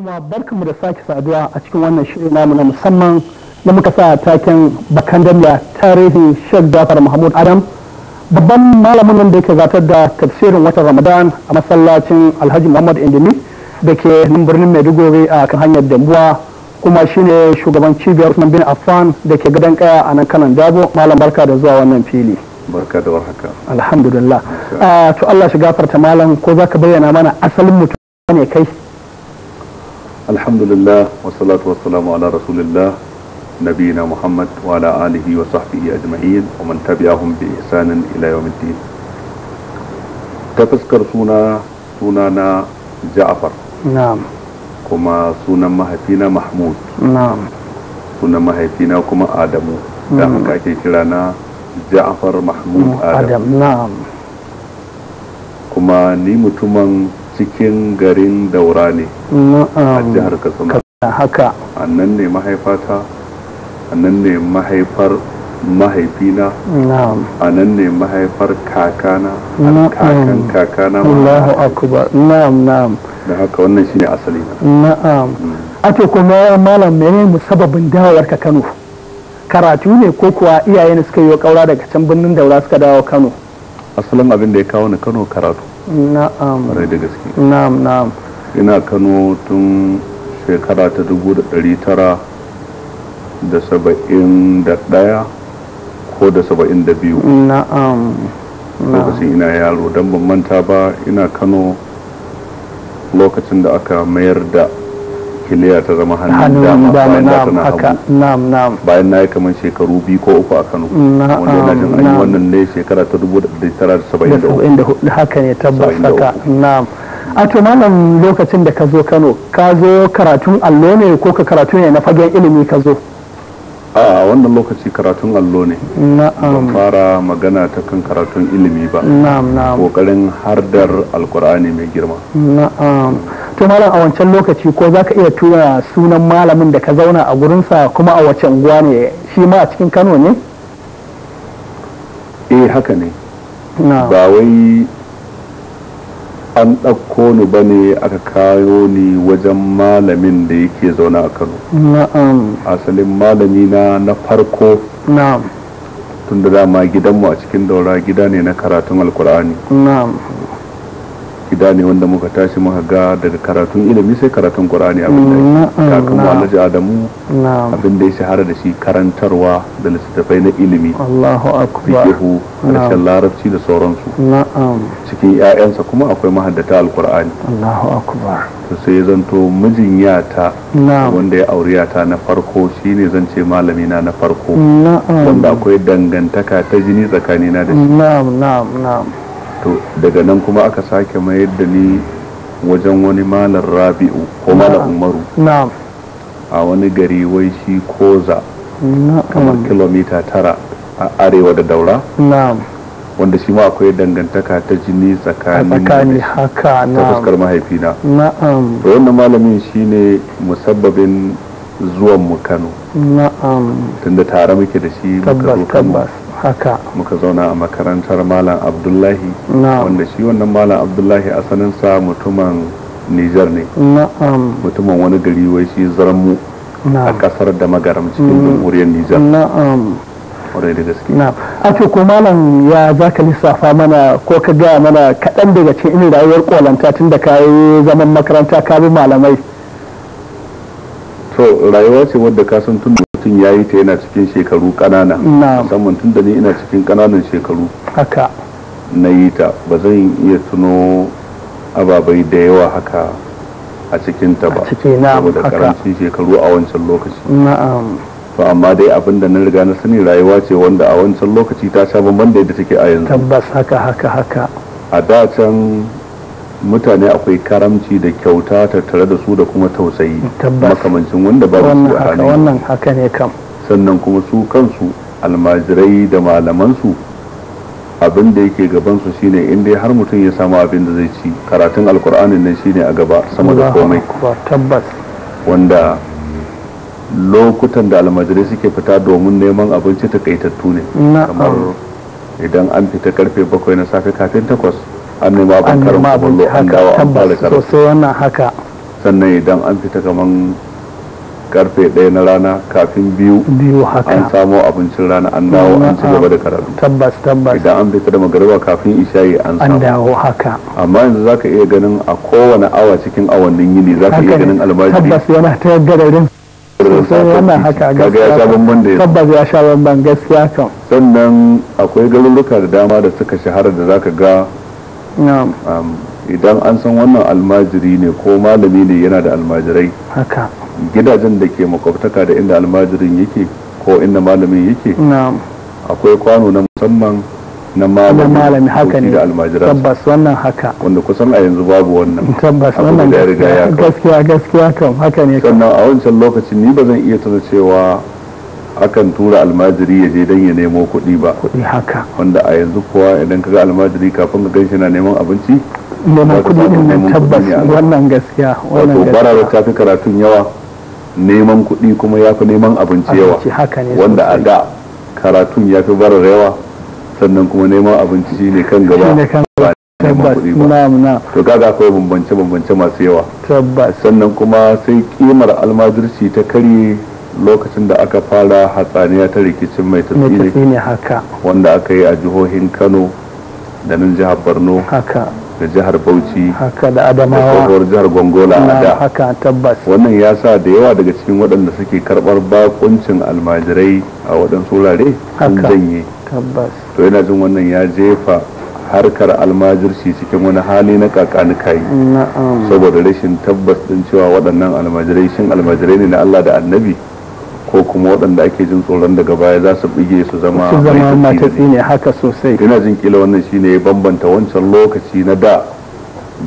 kuma mu da sake saduwa a cikin wannan shiri namu na musamman da muka sa taken bakan damya tarihin Sheikh Jafar Mahmud Adam babban malamin nan da ke zatar da tafsirin watan Ramadan a masallacin Alhaji Muhammad Indimi da ke nan birnin Maiduguri a kan hanyar Dambuwa kuma shine shugaban cibiyar Usman bin Afan da ke gadon kaya a nan kanan Dabo malam barka da zuwa wannan fili barka da warhaka alhamdulillah ah, to Allah shi gafarta malam ko za ka bayyana mana asalin mutum ne kai الحمد لله والصلاة والسلام على رسول الله نبينا محمد وعلى آله وصحبه أجمعين ومن تبعهم بإحسان إلى يوم الدين تفسكر سونا سونانا جعفر نعم كما سونا مهفينا محمود نعم سونا مهفينا كما آدم نعم كاكي كرانا جعفر محمود آدم, آدم. نعم كما ني متمن cikin garin daura ne a jihar katsina haka annan ne mahaifata annan ne mahaifar mahaifina a nan ne mahaifar kakana kakan kakana Allahu akubar na'am na'am da haka wannan shine asali na'am mm. ato kuma malam mu sababin dawowar ka Kano karatu ne ko kuwa iyayen suka yi kaura daga can birnin Daura suka dawo Kano asalin abin da ya kawo ni kano karatu na'am rai da gaske na'am na'am ina kano tun shekara ta dubu da ɗari tara da saba'in da ɗaya ko da saba'in da biyu na'am lokacin ina yaro don ban manta ba ina kano lokacin da aka mayar da kiliya ta zama hannun dama bayan da na hagu bayan na yi kamar shekaru biyu ko uku a kano wanda yana jin an yi wannan ne shekara ta dubu da tara da saba'in da hudu haka ne tabbas haka na'am a to malam lokacin da ka zo kano ka zo karatun allo ne ko ka karatu ne na fagen ilimi ka zo a wannan lokaci karatun allo ne na'am fara magana ta kan karatun ilimi ba na'am na'am kokarin hardar alkur'ani mai girma na'am to malam a wancan lokaci ko za ka iya tura sunan malamin da ka zauna a gurinsa kuma a wace unguwa ne shi ma a cikin Kano ne eh haka ne ba wai an ɗauko ni ba ne aka kayo ni wajen malamin da yake zaune a kano asalin malami na na farko na'am tun da dama gidanmu a cikin daura gida ne na karatun alkur'ani na'am gida ne wanda muka tashi muka ga daga karatun ilimi sai karatun qur'ani abin da mm-hmm. adamu abin ya shahara da shi karantarwa da littattafai na ilimi Allahu akbar fiqhu harshen larabci da sauransu cikin 'ya'yansa kuma akwai mahaddata alqur'ani Allahu akbar sai ya zanto mijin yata wanda ya aure yata na farko shine zan ce malami na na farko wanda akwai dangantaka ta jini tsakanina da shi to daga nan kuma aka sake mayar da ni wajen wani malar rabi'u ko malar umaru a wani gari wai shi koza kamar kilomita tara a arewa da daura wanda shi ma akwai dangantaka ta jini tsakanin haka ta fuskar mahaifina na'am wannan malamin shine musabbabin zuwan mu Kano na'am tunda tare muke da shi muka haka muka zauna a makarantar malam abdullahi wanda shi wannan malam abdullahi asalinsa mutumin nijar ne mutumin wani gari wai shi zarmu a kasar da magaram cikin mm. jamhuriyar nijar kwarai da gaske na a ce ko malam ya za ka lissafa mana ko ka gaya mana kaɗan daga cikin rayuwar kolanta tun da ka yi zaman makaranta ka bi malamai to rayuwa ce wadda ka san tun mutum ya yi ta yana cikin shekaru ƙanana musamman tun da ni ina cikin ƙananan shekaru haka na yi ta ba zan iya tuno ababai da yawa haka a cikin ta ba saboda karancin shekaru a wancan lokaci na'am to amma dai abin da na riga na sani rayuwa ce wanda a wancan lokaci ta sha bamban da yadda take a yanzu tabbas haka haka haka a da can mutane akwai karamci da kyauta tattare da su da kuma tausayi makamancin wanda ba su a wannan haka ne kam sannan kuma su kansu almajirai da malamansu abinda da yake gabansu shine in dai har mutum ya samu abin da zai ci karatun alkur'anin nan shine a gaba sama da komai tabbas wanda lokutan da almajirai suke fita domin neman abinci takaitattu ne idan an fita karfe bakwai na safe kafin takwas annu ban karin kumallo an dawo an fara karin sosai wannan haka sannan idan an fita kaman karfe ɗaya na rana kafin biyu an samo abincin rana an dawo an ci gaba da karatu tabbas tabbas idan an fita da magariba kafin ishayi an samu an dawo haka amma yanzu zaka iya ganin a kowane awa cikin awannin yini zaka iya ganin albashi tabbas yana ta gararin sosai yana haka gaskiya tabbas ya sha bamban gaskiya kan sannan akwai garuruka da dama da suka shahara da zaka ga idan an san wannan almajiri ne ko malami ne yana da almajirai gidajen da ke makwabtaka da inda almajirin yake ko inda malamin yake akwai kwano na musamman na malami haka ne da tabbas wannan haka wanda kusan a yanzu babu wannan tabbas wannan gaskiya gaskiya kan haka ne sannan a wancan lokacin ni ba zan iya tana cewa akan tura almajiri ya je don ya nemo kuɗi ba kuɗi haka wanda a yanzu kuwa idan kaga almajiri kafin ka gaishe na neman abinci neman kuɗi din nan tabbas wannan gaskiya wannan gaskiya wato bara ta fi karatun yawa neman kuɗi kuma ya fi neman abinci yawa wanda a da karatun ya fi bara yawa sannan kuma neman abinci shi ne kan gaba tabbas to kaga akwai bambance bambance masu yawa tabbas sannan kuma sai kimar almajirci ta karye lokacin da aka fara hatsaniya ta rikicin mai tafiye haka wanda aka yi a jihohin kano da nan jihar borno haka da jihar bauchi haka da adamawa da kogowar jihar gongola a da haka tabbas wannan ya sa da yawa daga cikin waɗanda suke karɓar bakuncin almajirai a waɗansu wurare an janye tabbas to yana jin wannan ya jefa harkar almajirci cikin wani hali na kakanikai saboda rashin tabbas din cewa waɗannan almajirai shin almajirai ne na Allah da annabi ko kuma waɗanda ake jin tsoron daga baya za su bige su zama su zama matatsi ne haka sosai ina jin kila wannan shine ne bambanta wancan lokaci na da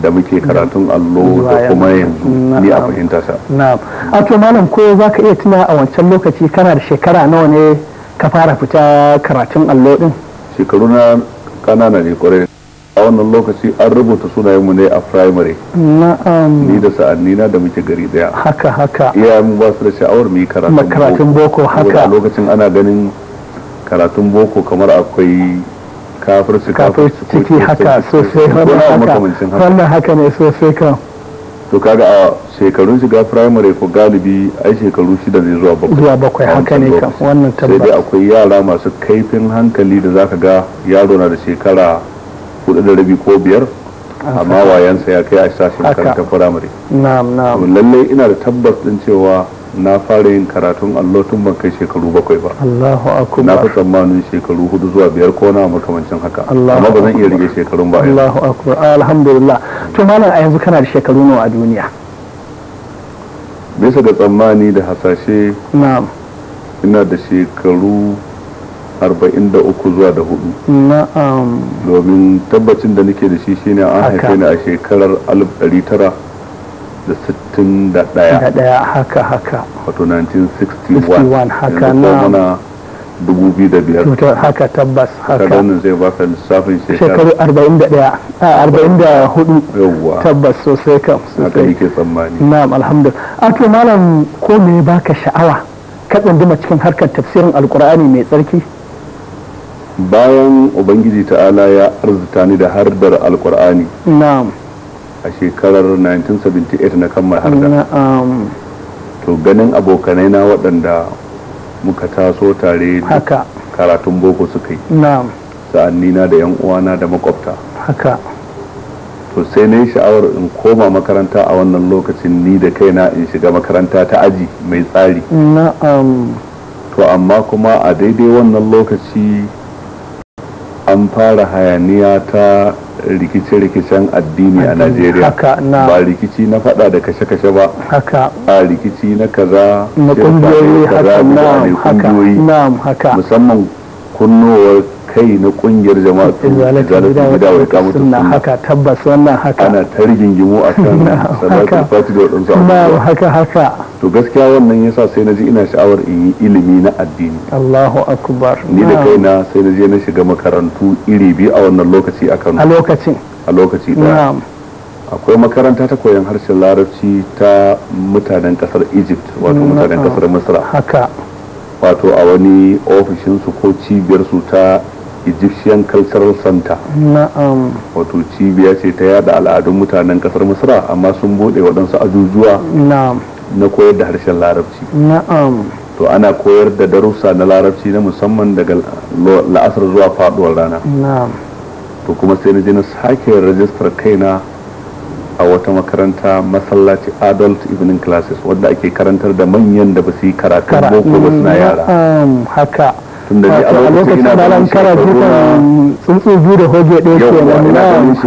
da muke karatun allo da kuma yanzu ni a fahimta sa na'am a to malam ko za ka iya tuna a wancan lokaci kana da shekara nawa ne ka fara fita karatun allo din shekaru na kanana ne kwarai a wannan lokaci an rubuta sunayenmu ne a primary na'am ni da sa'anni na da muke gari daya haka haka iya mu ba su da sha'awar mu yi karatun karatun boko haka lokacin ana ganin karatun boko kamar akwai kafirci kafirci ciki haka sosai wannan haka ne sosai kan to kaga a shekarun shiga primary ko galibi ai shekaru shida ne zuwa bakwai zuwa bakwai haka ne kam wannan tabbas sai dai akwai yara masu kaifin hankali da zaka ga yaro na da shekara hudu da rabi ko biyar amma wayansa ya kai a sashen karanta firamare na'am na'am lalle ina da tabbas din cewa na fara yin karatun allo tun ban kai shekaru bakwai ba Allahu akbar na fi tsammanin shekaru hudu zuwa biyar ko na makamancin haka amma ba zan iya rige shekarun ba Allahu akbar alhamdulillah to malam a yanzu kana da shekaru nawa a duniya bisa ga tsammani da hasashe na'am ina da shekaru arba'in da uku zuwa da hudu na'am domin tabbacin da nake da shi shine an haife ni a shekarar alif ɗari tara da sittin da ɗaya da ɗaya haka haka wato 1961 haka na dubu biyu da biyar to haka tabbas haka kadonin zai baka lissafin shekaru arba'in da daya a arba'in da hudu tabbas sosai kam sosai haka nake tsammani na'am alhamdulillah ake malam ko me baka sha'awa ka tsanduma cikin harkar tafsirin alkur'ani mai tsarki bayan ubangiji ta'ala ya arzuta ni da hardar alkur'ani na'am a shekarar 1978 na kammar harda na'am to ganin abokanai na waɗanda muka taso tare haka karatun boko suka yi na'am sa'anni na da yan uwana da makwabta haka to sai na yi sha'awar in koma makaranta a wannan lokacin ni da kaina in shiga makaranta ta aji mai tsari na'am to amma kuma a daidai wannan lokaci an fara hayaniya ta rikice-rikicen addini a najeriya ba rikici na fada da kashe-kashe ba a rikici na kaza na kungiyoyi haka musamman kunnowar kai na kungiyar jama'a da wai kamata suna haka tabbas wannan haka ana ta rigingimu a kan salatul fati da waɗansu abubuwa haka haka to gaskiya wannan ya sa sai na ji ina sha'awar in yi ilimi na addini Allahu akbar ni da kaina sai na je na shiga makarantu iri biyu a wannan lokaci a Kano a lokacin a lokaci da akwai makaranta ta koyon harshen larabci ta mutanen kasar Egypt wato mutanen kasar Misra haka wato a wani ofishinsu ko cibiyarsu ta egyptian cultural center na'am wato cibiya ce ta yada al'adun mutanen kasar misra amma sun bude waɗansu ajujuwa na'am na koyar da harshen larabci na'am to ana koyar da darussa na larabci na musamman daga la'asar zuwa faduwar rana na'am to kuma sai na je na sake rajistar kaina a wata makaranta masallaci adult evening classes wadda ake karantar da manyan da ba su yi karatun boko ba suna yara haka tun da a lokacin da kara biyu da hoge ɗaya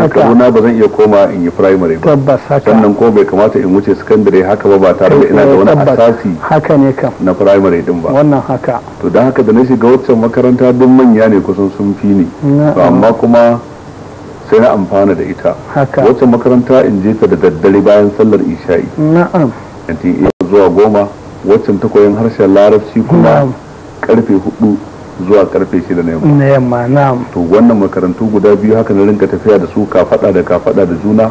ke na ba zan iya koma in yi ba sannan ko bai kamata in wuce secondary haka ba ba eh, ne kam din ba wannan haka to dan haka da na shiga waccan makaranta duk manya ne kusan sun fi ni kuma sai na amfana da ita waccan makaranta in je ta da daddare bayan sallar isha'i na'am zuwa goma waccan ta harshen larabci kuma karfe hudu zuwa karfe shida na yamma na yamma na'am to wannan makarantu guda biyu haka na rinka tafiya da su ka faɗa da ka faɗa da juna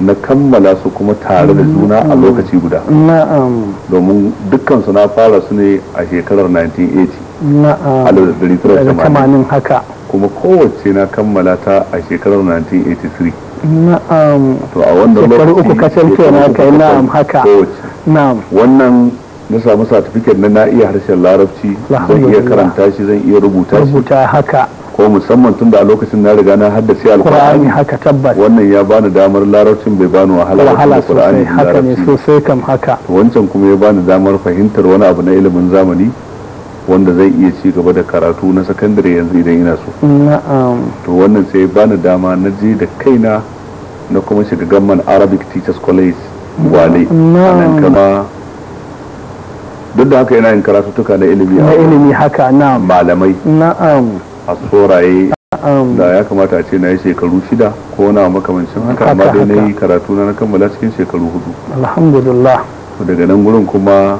na kammala su kuma tare da juna a lokaci guda na'am domin dukkan su na fara su ne a shekarar 1980 na'am haka kuma kowace na kammala ta a shekarar 1983 na'am to a wannan lokaci shekaru uku kacal kenan kai na'am haka na'am wannan na samu certificate na na iya harshen larabci zan iya karanta shi zan iya rubuta shi rubuta haka ko musamman tun da a lokacin na riga na sai alkur'ani haka tabbas wannan ya bani damar larabcin bai bani wahala wahala sosai haka ne sosai kam haka wancan kuma ya bani damar fahimtar wani abu na ilimin zamani wanda zai iya ci gaba da karatu na sakandare yanzu idan ina so na'am to wannan sai bani dama na je da kaina na kuma shiga gamman arabic teachers college wale a nan kama duk da haka yana yin karatuttuka na ilimi na ilimi haka na malamai na'am a tsoraye da ya kamata a ce na yi shekaru shida ko na makamancin haka amma dai na yi karatu na kammala cikin shekaru hudu alhamdulillah daga nan gurin kuma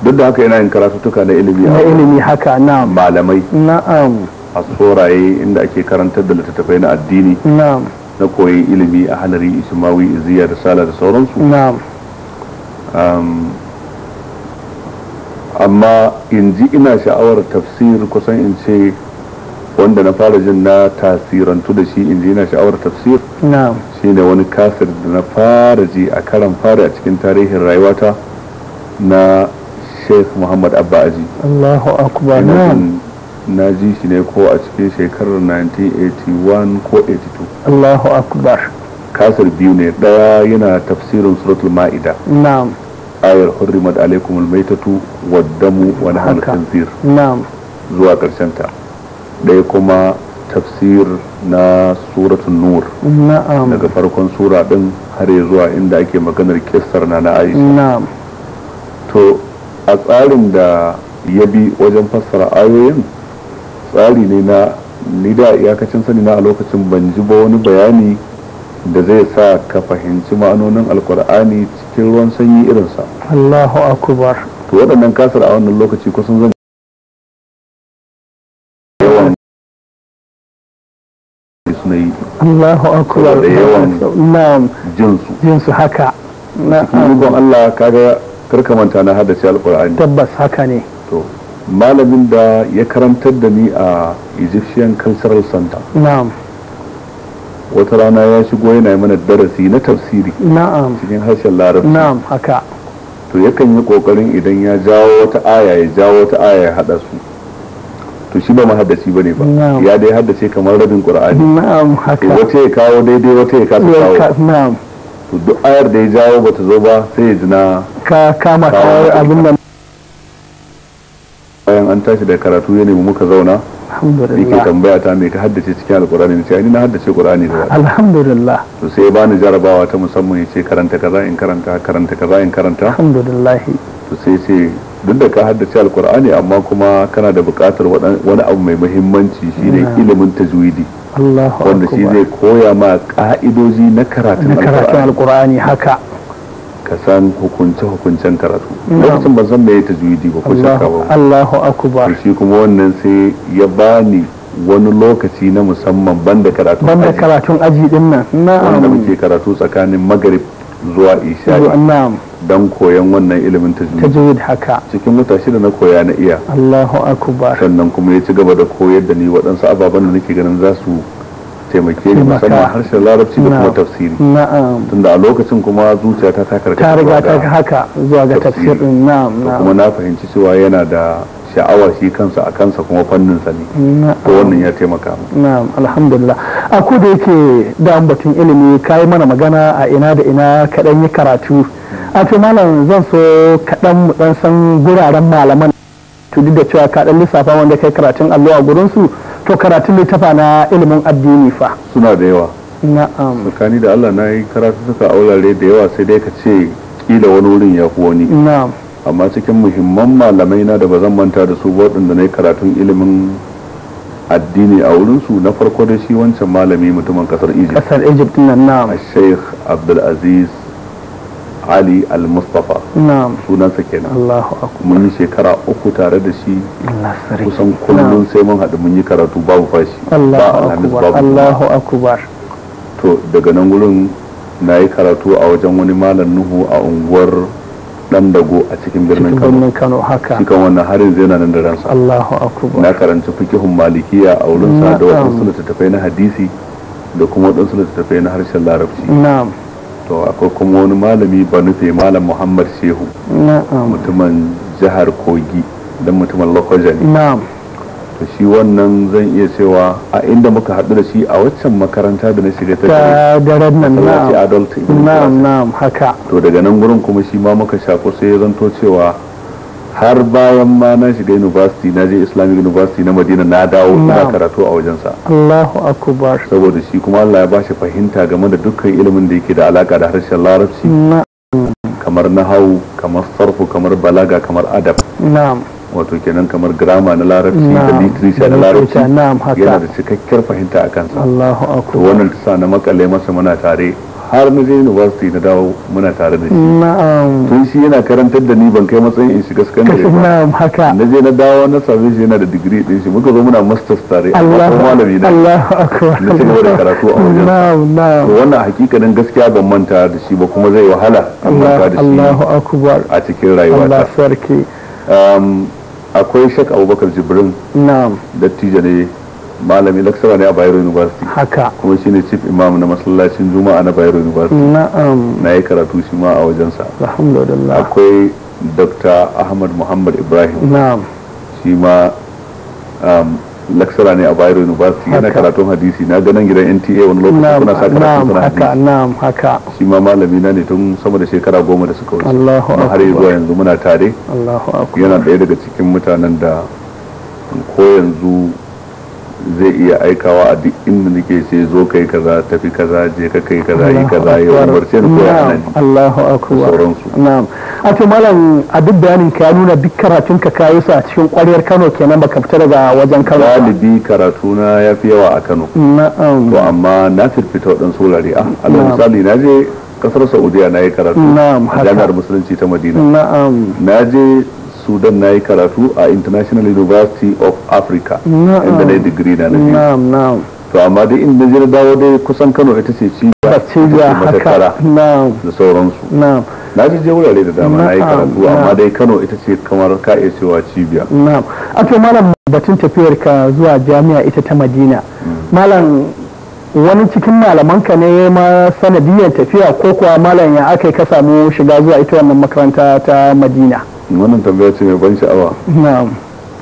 duk da haka yana yin karatuttuka na ilimi na ilimi haka na malamai na'am a tsoraye inda ake karantar da littattafai na addini na'am na koyi ilimi a halari ismawi iziya da sala da sauransu na'am amma in ji ina sha'awar tafsir kusan in ce wanda na fara jin na tasirantu da shi in ji ina sha'awar tafsir shi ne wani kasir da na fara ji a karan fara a cikin tarihin rayuwata na sheikh muhammad abba aji allahu akbar na ji shi ne ko a cikin shekarar 1981 ko 82 allahu akbar kasir biyu ne daya yana tafsirin suratul ma'ida na'am ayar hurrimat alaikum almaitatu waddamu wa nahal khinzir na'am zuwa ƙarshen ta ɗaya kuma tafsir na suratul nur daga farkon sura din har ya zuwa inda ake maganar kissar na na Aisha to a tsarin da ya bi wajen fassara ayoyin tsari ne na ni da iyakacin sani na a lokacin ban ji ba wani bayani da zai sa ka fahimci ma'anonin alkur'ani cikin ruwan sanyi irinsa Allahu akubar. to waɗannan kasar a wannan lokaci kusan zan yawan suna yi Allahu akbar da yawan jinsu jinsu haka na'am don Allah kaga manta na haddace alkur'ani tabbas haka ne to malamin da ya karantar da ni a Egyptian Cultural Center na'am wata rana ya shigo yana mana darasi na tafsiri na'am cikin harshen larabci na'am haka to yakan yi kokarin idan ya jawo wata aya ya jawo wata aya ya hada su to shi ba mahaddaci bane ba ya dai haddace kamar rabin qur'ani na'am haka wata ya kawo daidai wata ya kasa kawo na'am to duk ayar da ya jawo bata zo ba sai ya jina ka kama kawo abin nan bayan an tashi da karatu ya nemi muka zauna alhamdulillah yake tambaya ta me ka haddace cikin alqur'ani ne sai na haddace qur'ani alhamdulillah to sai bani jarabawa ta musamman yace karanta kaza in karanta karanta kaza in karanta alhamdulillah to sai sai duk da ka haddace alqur'ani amma kuma kana da buƙatar wani abu mai muhimmanci shine ilimin tajwidi wanda shi zai koya ma ka'idoji na karatun alqur'ani haka ka san hukunce-hukuncen karatu lokacin ban san mai ta juidi ba ko shakka ba Allahu akbar shi kuma wannan sai ya bani wani lokaci na musamman banda karatun banda karatun aji din nan wanda muke karatu tsakanin magrib zuwa isha don koyon wannan ilimin tajwid haka cikin mutashi da na koya na iya Allahu akbar sannan kuma ya ci gaba da koyar da ni waɗansu ababen da nake ganin za su taimake ni musamman harshen larabci da kuma tafsiri tunda a lokacin kuma zuciyata ta karkata ta riga ta haka zuwa ga tafsirin na'am kuma na fahimci cewa yana da sha'awar shi kansa a kansa kuma fannin sani ne to wannan ya taimaka mu na'am alhamdulillah a ko da yake da ambatin ilimi kai mana magana a ina da ina kadan yi karatu a ce malam zan so kadan mu dan san guraren malaman to duk da cewa ka dan lissafa wanda kai karatun allo a gurin su to karatun tafa na ilimin addini fa suna da yawa na'am tsakani da Allah na yi karatu suka wurare da yawa sai dai ka ce kila wani wurin ya fi wani na'am amma cikin muhimman malamai na da ba zan manta da su waɗanda na yi karatun ilimin addini a wurinsu na farko da shi wancan malami mutumin kasar egypt kasar egypt nan na'am sheikh abdulaziz ali al-mustafa sunansa kenan mun yi shekara uku tare da shi kusan kullum sai mun haɗu mun yi karatu babu fashi Allahu akbar to daga nan gurin na yi karatu a wajen wani malam nuhu a unguwar dan dago a cikin birnin Kano haka cikin wannan harin zai nan da ransa Allahu akbar na karanci fikihun malikiya a wurin sa da wasu littattafai na hadisi da kuma wadansu littattafai na harshen larabci na'am to akwai kuma wani malami ba nufe malam muhammad shehu mutumin jihar kogi don mutumin lokoja ne to shi wannan zan iya cewa a inda muka haɗu da shi a waccan makaranta da na shiga ta daren nan na'am na'am haka to daga nan gurin kuma shi ma muka shafo sai ya zanto cewa har bayan ma na shiga university na je islamic university na madina na dawo na karatu a wajensa allahu akbar saboda shi kuma allah ya bashi fahimta game da dukkan ilimin da yake da alaka da harshen larabci kamar nahawu kamar sarfu kamar balaga kamar adab na'am wato kenan kamar grama na larabci da literature na larabci yana da cikakkiyar fahimta a kansa allahu akbar wannan tsana na makale masa muna tare har na je university na dawo muna tare da shi tun shi yana karantar da ni ban kai matsayin in shiga sakandare ba na'am na je na dawo na same shi yana da digiri din shi muka zo muna masters tare Allah malami na na ci da karatu a wajen na'am to wannan hakikanin gaskiya ban manta da shi ba kuma zai wahala a da shi a cikin rayuwa Allah akwai shak Abubakar Jibrin na'am dattijo ne malami laksara ne a Bayero University haka kuma ne chief imam na masallacin Juma'a na Bayero University na'am na yi karatu shi ma a wajensa alhamdulillah akwai Dr. Ahmad Muhammad Ibrahim na'am shi ma um, lecturer ne a Bayero University yana karatun hadisi na ganin gidan NTA wani lokacin kuna sa karatun sana haka na'am haka shi ma malami na ne tun sama da shekara goma da suka wuce Allahu akbar har zuwa yanzu muna tare Allahu akbar yana ɗaya daga cikin mutanen da ko yanzu zai iya aikawa a duk inda nake sai zo kai kaza tafi kaza je ka kai kaza yi kaza yi umarce ko ya ne Allahu akbar na'am a to malam a duk bayanin ka nuna duk karatun ka kayi su a cikin ƙwaryar Kano kenan baka fita daga wajen Kano galibi karatu na yafi yawa a Kano na'am to amma na firfita waɗansu wurare a ah, Allah misali na je kasar Saudiya na yi karatu na'am jami'ar musulunci ta Madina na'am na je Sudan na yi karatu a International University of Africa inda na yi digiri na na to amma dai inda na dawo dai kusan Kano ita ce cibiya cibiya haka da sauransu na ji je wurare da dama na yi karatu amma dai Kano ita ce kamar ka iya cewa cibiya a ake malam batun tafiyar ka zuwa jami'a ita ta Madina mm. malam wani cikin malamanka ne ma sanadiyar tafiya ko kuwa malam ya aka yi ka samu shiga zuwa ita wannan makaranta ta Madina wannan tambaya ce mai ban sha'awa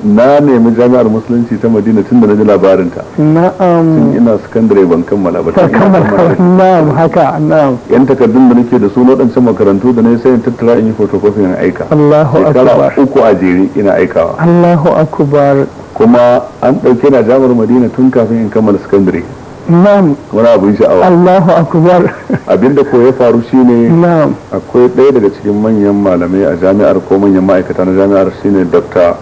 na nemi jami'ar musulunci ta madina tun da na ji labarinta na'am tun ina sakandare ban kammala ba na'am haka na'am yan takardun da nake da su waɗancan makarantu da na yi sayin tattara in yi fotokofi na aika Allahu akbar uku a jere ina aikawa Allahu akbar kuma an ɗauke na jami'ar madina tun kafin in kammala sakandare na'am wani abin sha'awa Allahu akbar abinda ko ya faru shine na'am akwai ɗaya daga cikin manyan malamai a jami'ar ko manyan ma'aikata na jami'ar shine Dr.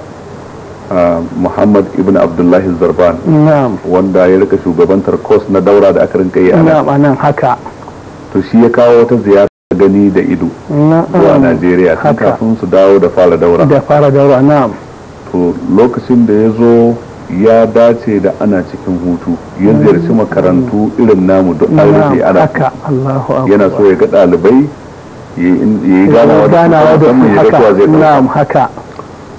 Ah, Muhammad ibn Abdullahi Zarban na'am wanda ya rika shugabantar kos na daura da aka rinka a nan anan haka to shi ya kawo wata ziyara gani da ido zuwa Najeriya kafin su dawo da fara daura to lokacin da ya zo ya dace da ana cikin hutu ya ziyarci mm. makarantu irin namu duk an ana yana so ya ga ɗalibai ya yi ganawa da su musamman zai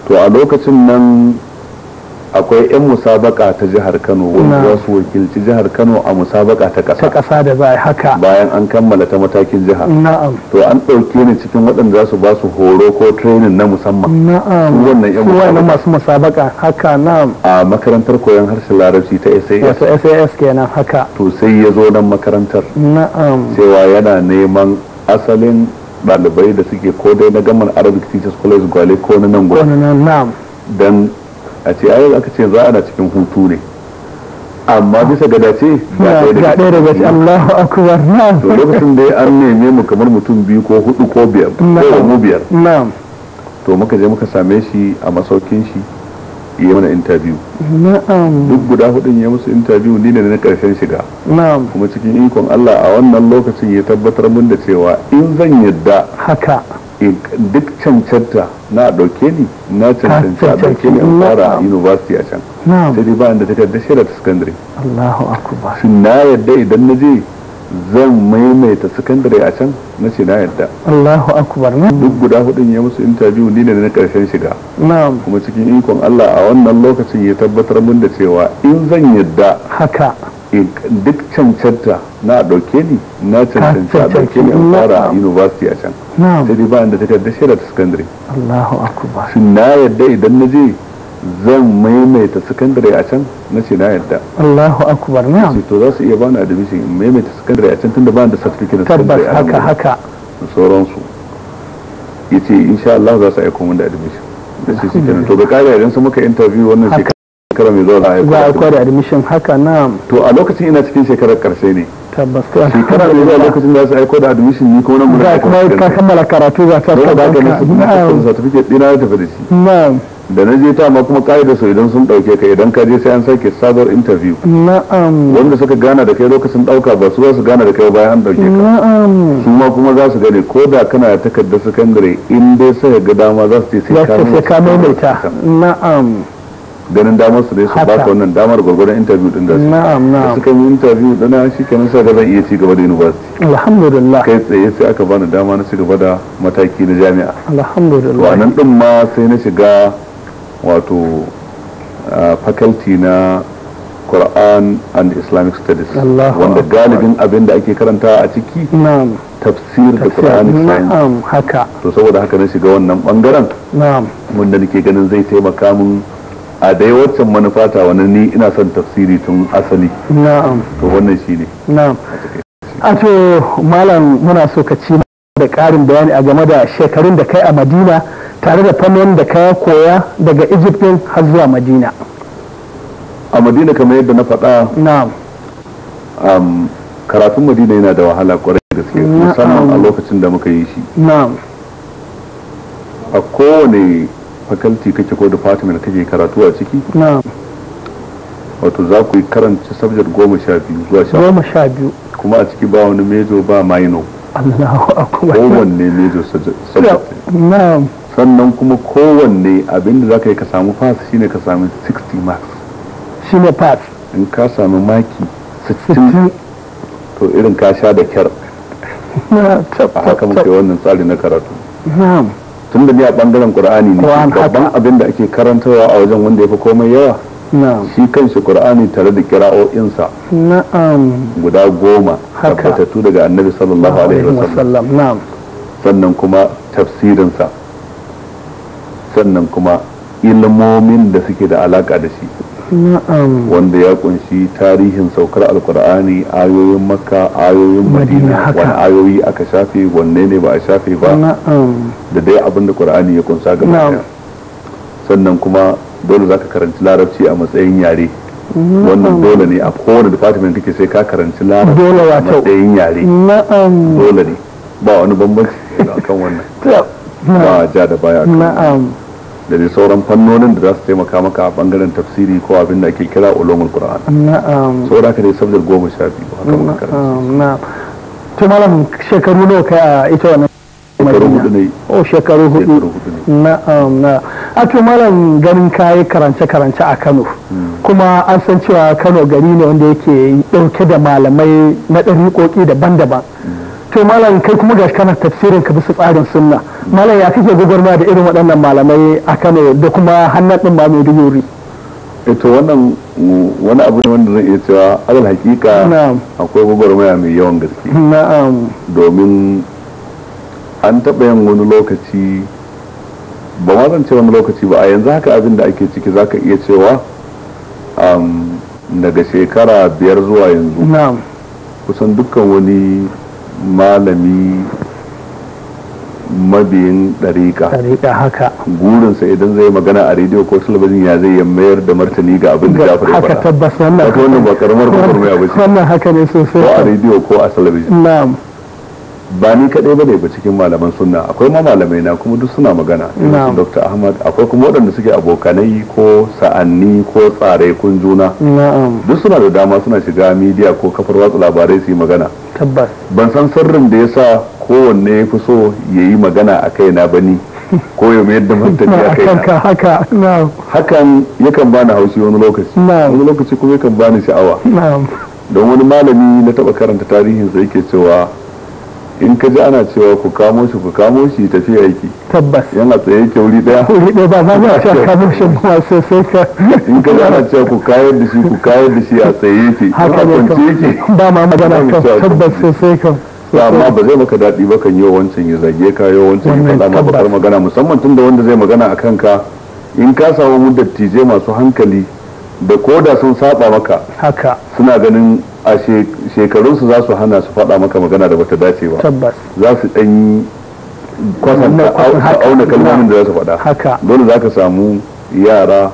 to a lokacin nan akwai 'yan musabaka ta jihar kano wanda wasu wakilci jihar kano a musabaka ta kasa. ta kasa da za haka bayan an kammala ta matakin jihar. na'am to an ɗauke ni cikin waɗanda za su ba su horo ko training na musamman na'am wannan 'yan masu musabaka haka na'am a makarantar koyon harshe larabci ta SAS wato SAS kenan haka to sai ya zo nan makarantar na'am cewa yana neman asalin ɗalibai da suke ko dai na gamar arabic teachers college gwale ko na nan gwale dan. a ce a yau aka ce za a na cikin hutu ne amma bisa ga dace ga ɗaya daga ci Allahu akubar na to lokacin da an neme mu kamar mutum biyu ko hudu ko biyar ko mu biyar to muka je muka same shi a masaukin shi iya mana interview duk guda hudun ya musu interview ni ne na karshen shiga kuma cikin ikon Allah a wannan lokacin ya tabbatar mun da cewa in zan yadda haka duk cancanta na ɗauke ni na cancanta a dauke ni a fara a university a can sai dai bayan da takardar da ta secondary Allahu akbar shin na yadda idan na je zan maimaita secondary a can na ce na yadda Allahu akbar duk guda hudun ya musu interview ni ne na karshen shiga kuma cikin ikon Allah a wannan lokacin ya tabbatar min da cewa in zan yadda haka ke duk cancanta na ɗauke ni na cancanta a dauke ni a fara university a can sai dai bayan da takardar shaidar ta secondary Allahu akbar shi na yadda idan na je zan maimaita secondary a can na ce na yadda Allahu na na'am to za su iya bani admission in maimaita secondary a can tunda bayan da certificate na secondary haka haka da sauransu insha Allah za su aiko min da admission da shi kenan to ga kare idan su muka interview wannan shekara shekara mai zuwa za a kware admission haka na to a lokacin ina cikin shekarar karshe ne tabbas shekara mai zuwa lokacin da za su aiko da admission ni kuma nan gurin kuma ka kammala karatu za ta ta da ka certificate dina ya tafi da shi na'am da na je ta ma kuma ka'ida su idan sun ɗauke ka idan ka je sai an sake sabuwar interview na'am wanda suka gana da kai lokacin ɗauka ba su za su gana da kai bayan an ɗauke ka na'am su ma kuma za su gane ko da kana da takardar sakandare in dai suka ga dama za su ce sai ka mai ta na'am ganin damar su dai su ka wannan damar gwargwadon interview din da su na'am na'am suka yi interview dana shi kenan sai ga zan iya ci gaba da university alhamdulillah kai tsaye sai aka bani dama na ci gaba da mataki na jami'a alhamdulillah nan din ma sai na shiga wato faculty na Quran and Islamic Studies wanda galibin abin da ake karanta a ciki tafsir da Quran science haka to saboda haka na shiga wannan bangaren na'am wanda nake ganin zai taimaka mun a dai waccan manufa ta wani ni ina son tafsiri tun asali na'am to wannan shine na'am a to malam muna so ka ci da karin bayani a game da shekarun da kai a madina tare da fannin da ka koya daga egyptin har zuwa madina a madina kamar yadda na faɗa na'am um, karatun madina yana da wahala kwarai gaske musamman a lokacin da muka yi shi na'am a kowane faculty kake ko department kake karatu a ciki wato za ku yi karanta subject goma sha biyu zuwa sha goma sha biyu kuma a ciki ba wani mejo ba minor Allahu akbar kowanne mejo subject na'am sannan kuma kowanne abinda za ka yi ka samu pass shine ka samu 60 marks shine pass in ka samu maki 60 to irin ka sha da kyar na tabbata haka muke wannan tsari na karatu na'am tun da ni a bangaren qur'ani ne babban abin da ake karantarwa a wajen wanda ya fi komai yawa shi shi qur'ani tare da kira'o'insa guda goma tabbatattu daga annabi sallallahu alaihi wasallam sannan kuma tafsirinsa sannan kuma ilmomin da suke da alaka da shi wanda ya kunshi tarihin saukar alkur'ani ayoyin makka ayoyin madina wani ayoyi aka shafe wanne ne ba a shafe ba da dai abinda kur'ani ya kunsa ga sannan kuma dole zaka karanci larabci a matsayin yare wannan dole ne a kowane department kake sai ka karanci larabci a matsayin yare dole ne ba wani bambanci kan wannan ba ja da baya kan da dai sauran fannonin da za su taimaka maka a bangaren tafsiri ko abin da ake kira ulumul qur'an na'am da ka dai sabdar goma sha biyu haka muka karanta na'am to malam shekaru nawa kai a ita wannan shekaru hudu ne oh shekaru hudu na'am na a to malam ganin kayi karance karance a Kano hmm. kuma an san cewa Kano gari ne wanda yake dauke da malamai na dariƙoƙi daban-daban hmm. sai malam kai kuma gashi kana tafsirin ka bisa tsarin sunna malam ya kake gwagwarma da irin waɗannan malamai a kano da kuma hannun ɗin ba mai duguri ito eh, wannan wani abu ne wanda zai iya cewa alal hakika akwai gwagwarmaya mai yawan gaske na'am domin an taɓa yin wani lokaci ba ma zan ce wani lokaci ba a yanzu haka abin da ake ciki za ka iya cewa daga shekara biyar zuwa yanzu kusan dukkan wani malami mabiyin ɗariƙa ɗariƙa haka gurinsa idan zai magana a rediyo ko talabijin ya zai mayar da martani ga abin da jafar ya haka tabbas wannan haka wannan wannan haka ne sosai ko a rediyo ko a talabijin na'am ba ni kadai ne ba cikin malaman sunna akwai ma malamai na kuma duk suna magana dr ahmad akwai kuma waɗanda suke abokanai ko sa'anni ko tsare kun juna duk suna da dama suna shiga midiya ko kafar watsa labarai su yi magana tabbas ban san sirrin da ya yasa kowanne ya fi so ya yi magana a na ba ni ko ya mayar da martani a na. haka hakan yakan bani haushi wani lokaci wani lokaci kuma yakan bani sha'awa don wani malami na taɓa karanta tarihinsa yake cewa in ka ji ana cewa ku kamo shi ku kamo shi tafiya yake tabbas yana tsaye yake wuri daya wuri daya ba ma ba cewa kamo shi kuma sai sai ka in ka ji ana cewa ku kayar da shi ku kayar da shi a tsaye yake haka ne yake ba ma magana ka tabbas sai sai ka amma ba zai maka daɗi ba kan yi wancan ya zage ka yi wancan ya faɗa ma bakar magana musamman tun da wanda zai magana a kanka in ka samu dattijo masu hankali da koda sun saba maka haka suna ganin a shekarunsu za su hana su faɗa maka magana da bata dace ba za su ɗan kwatanta auna kalmomin da za su faɗa dole za ka samu yara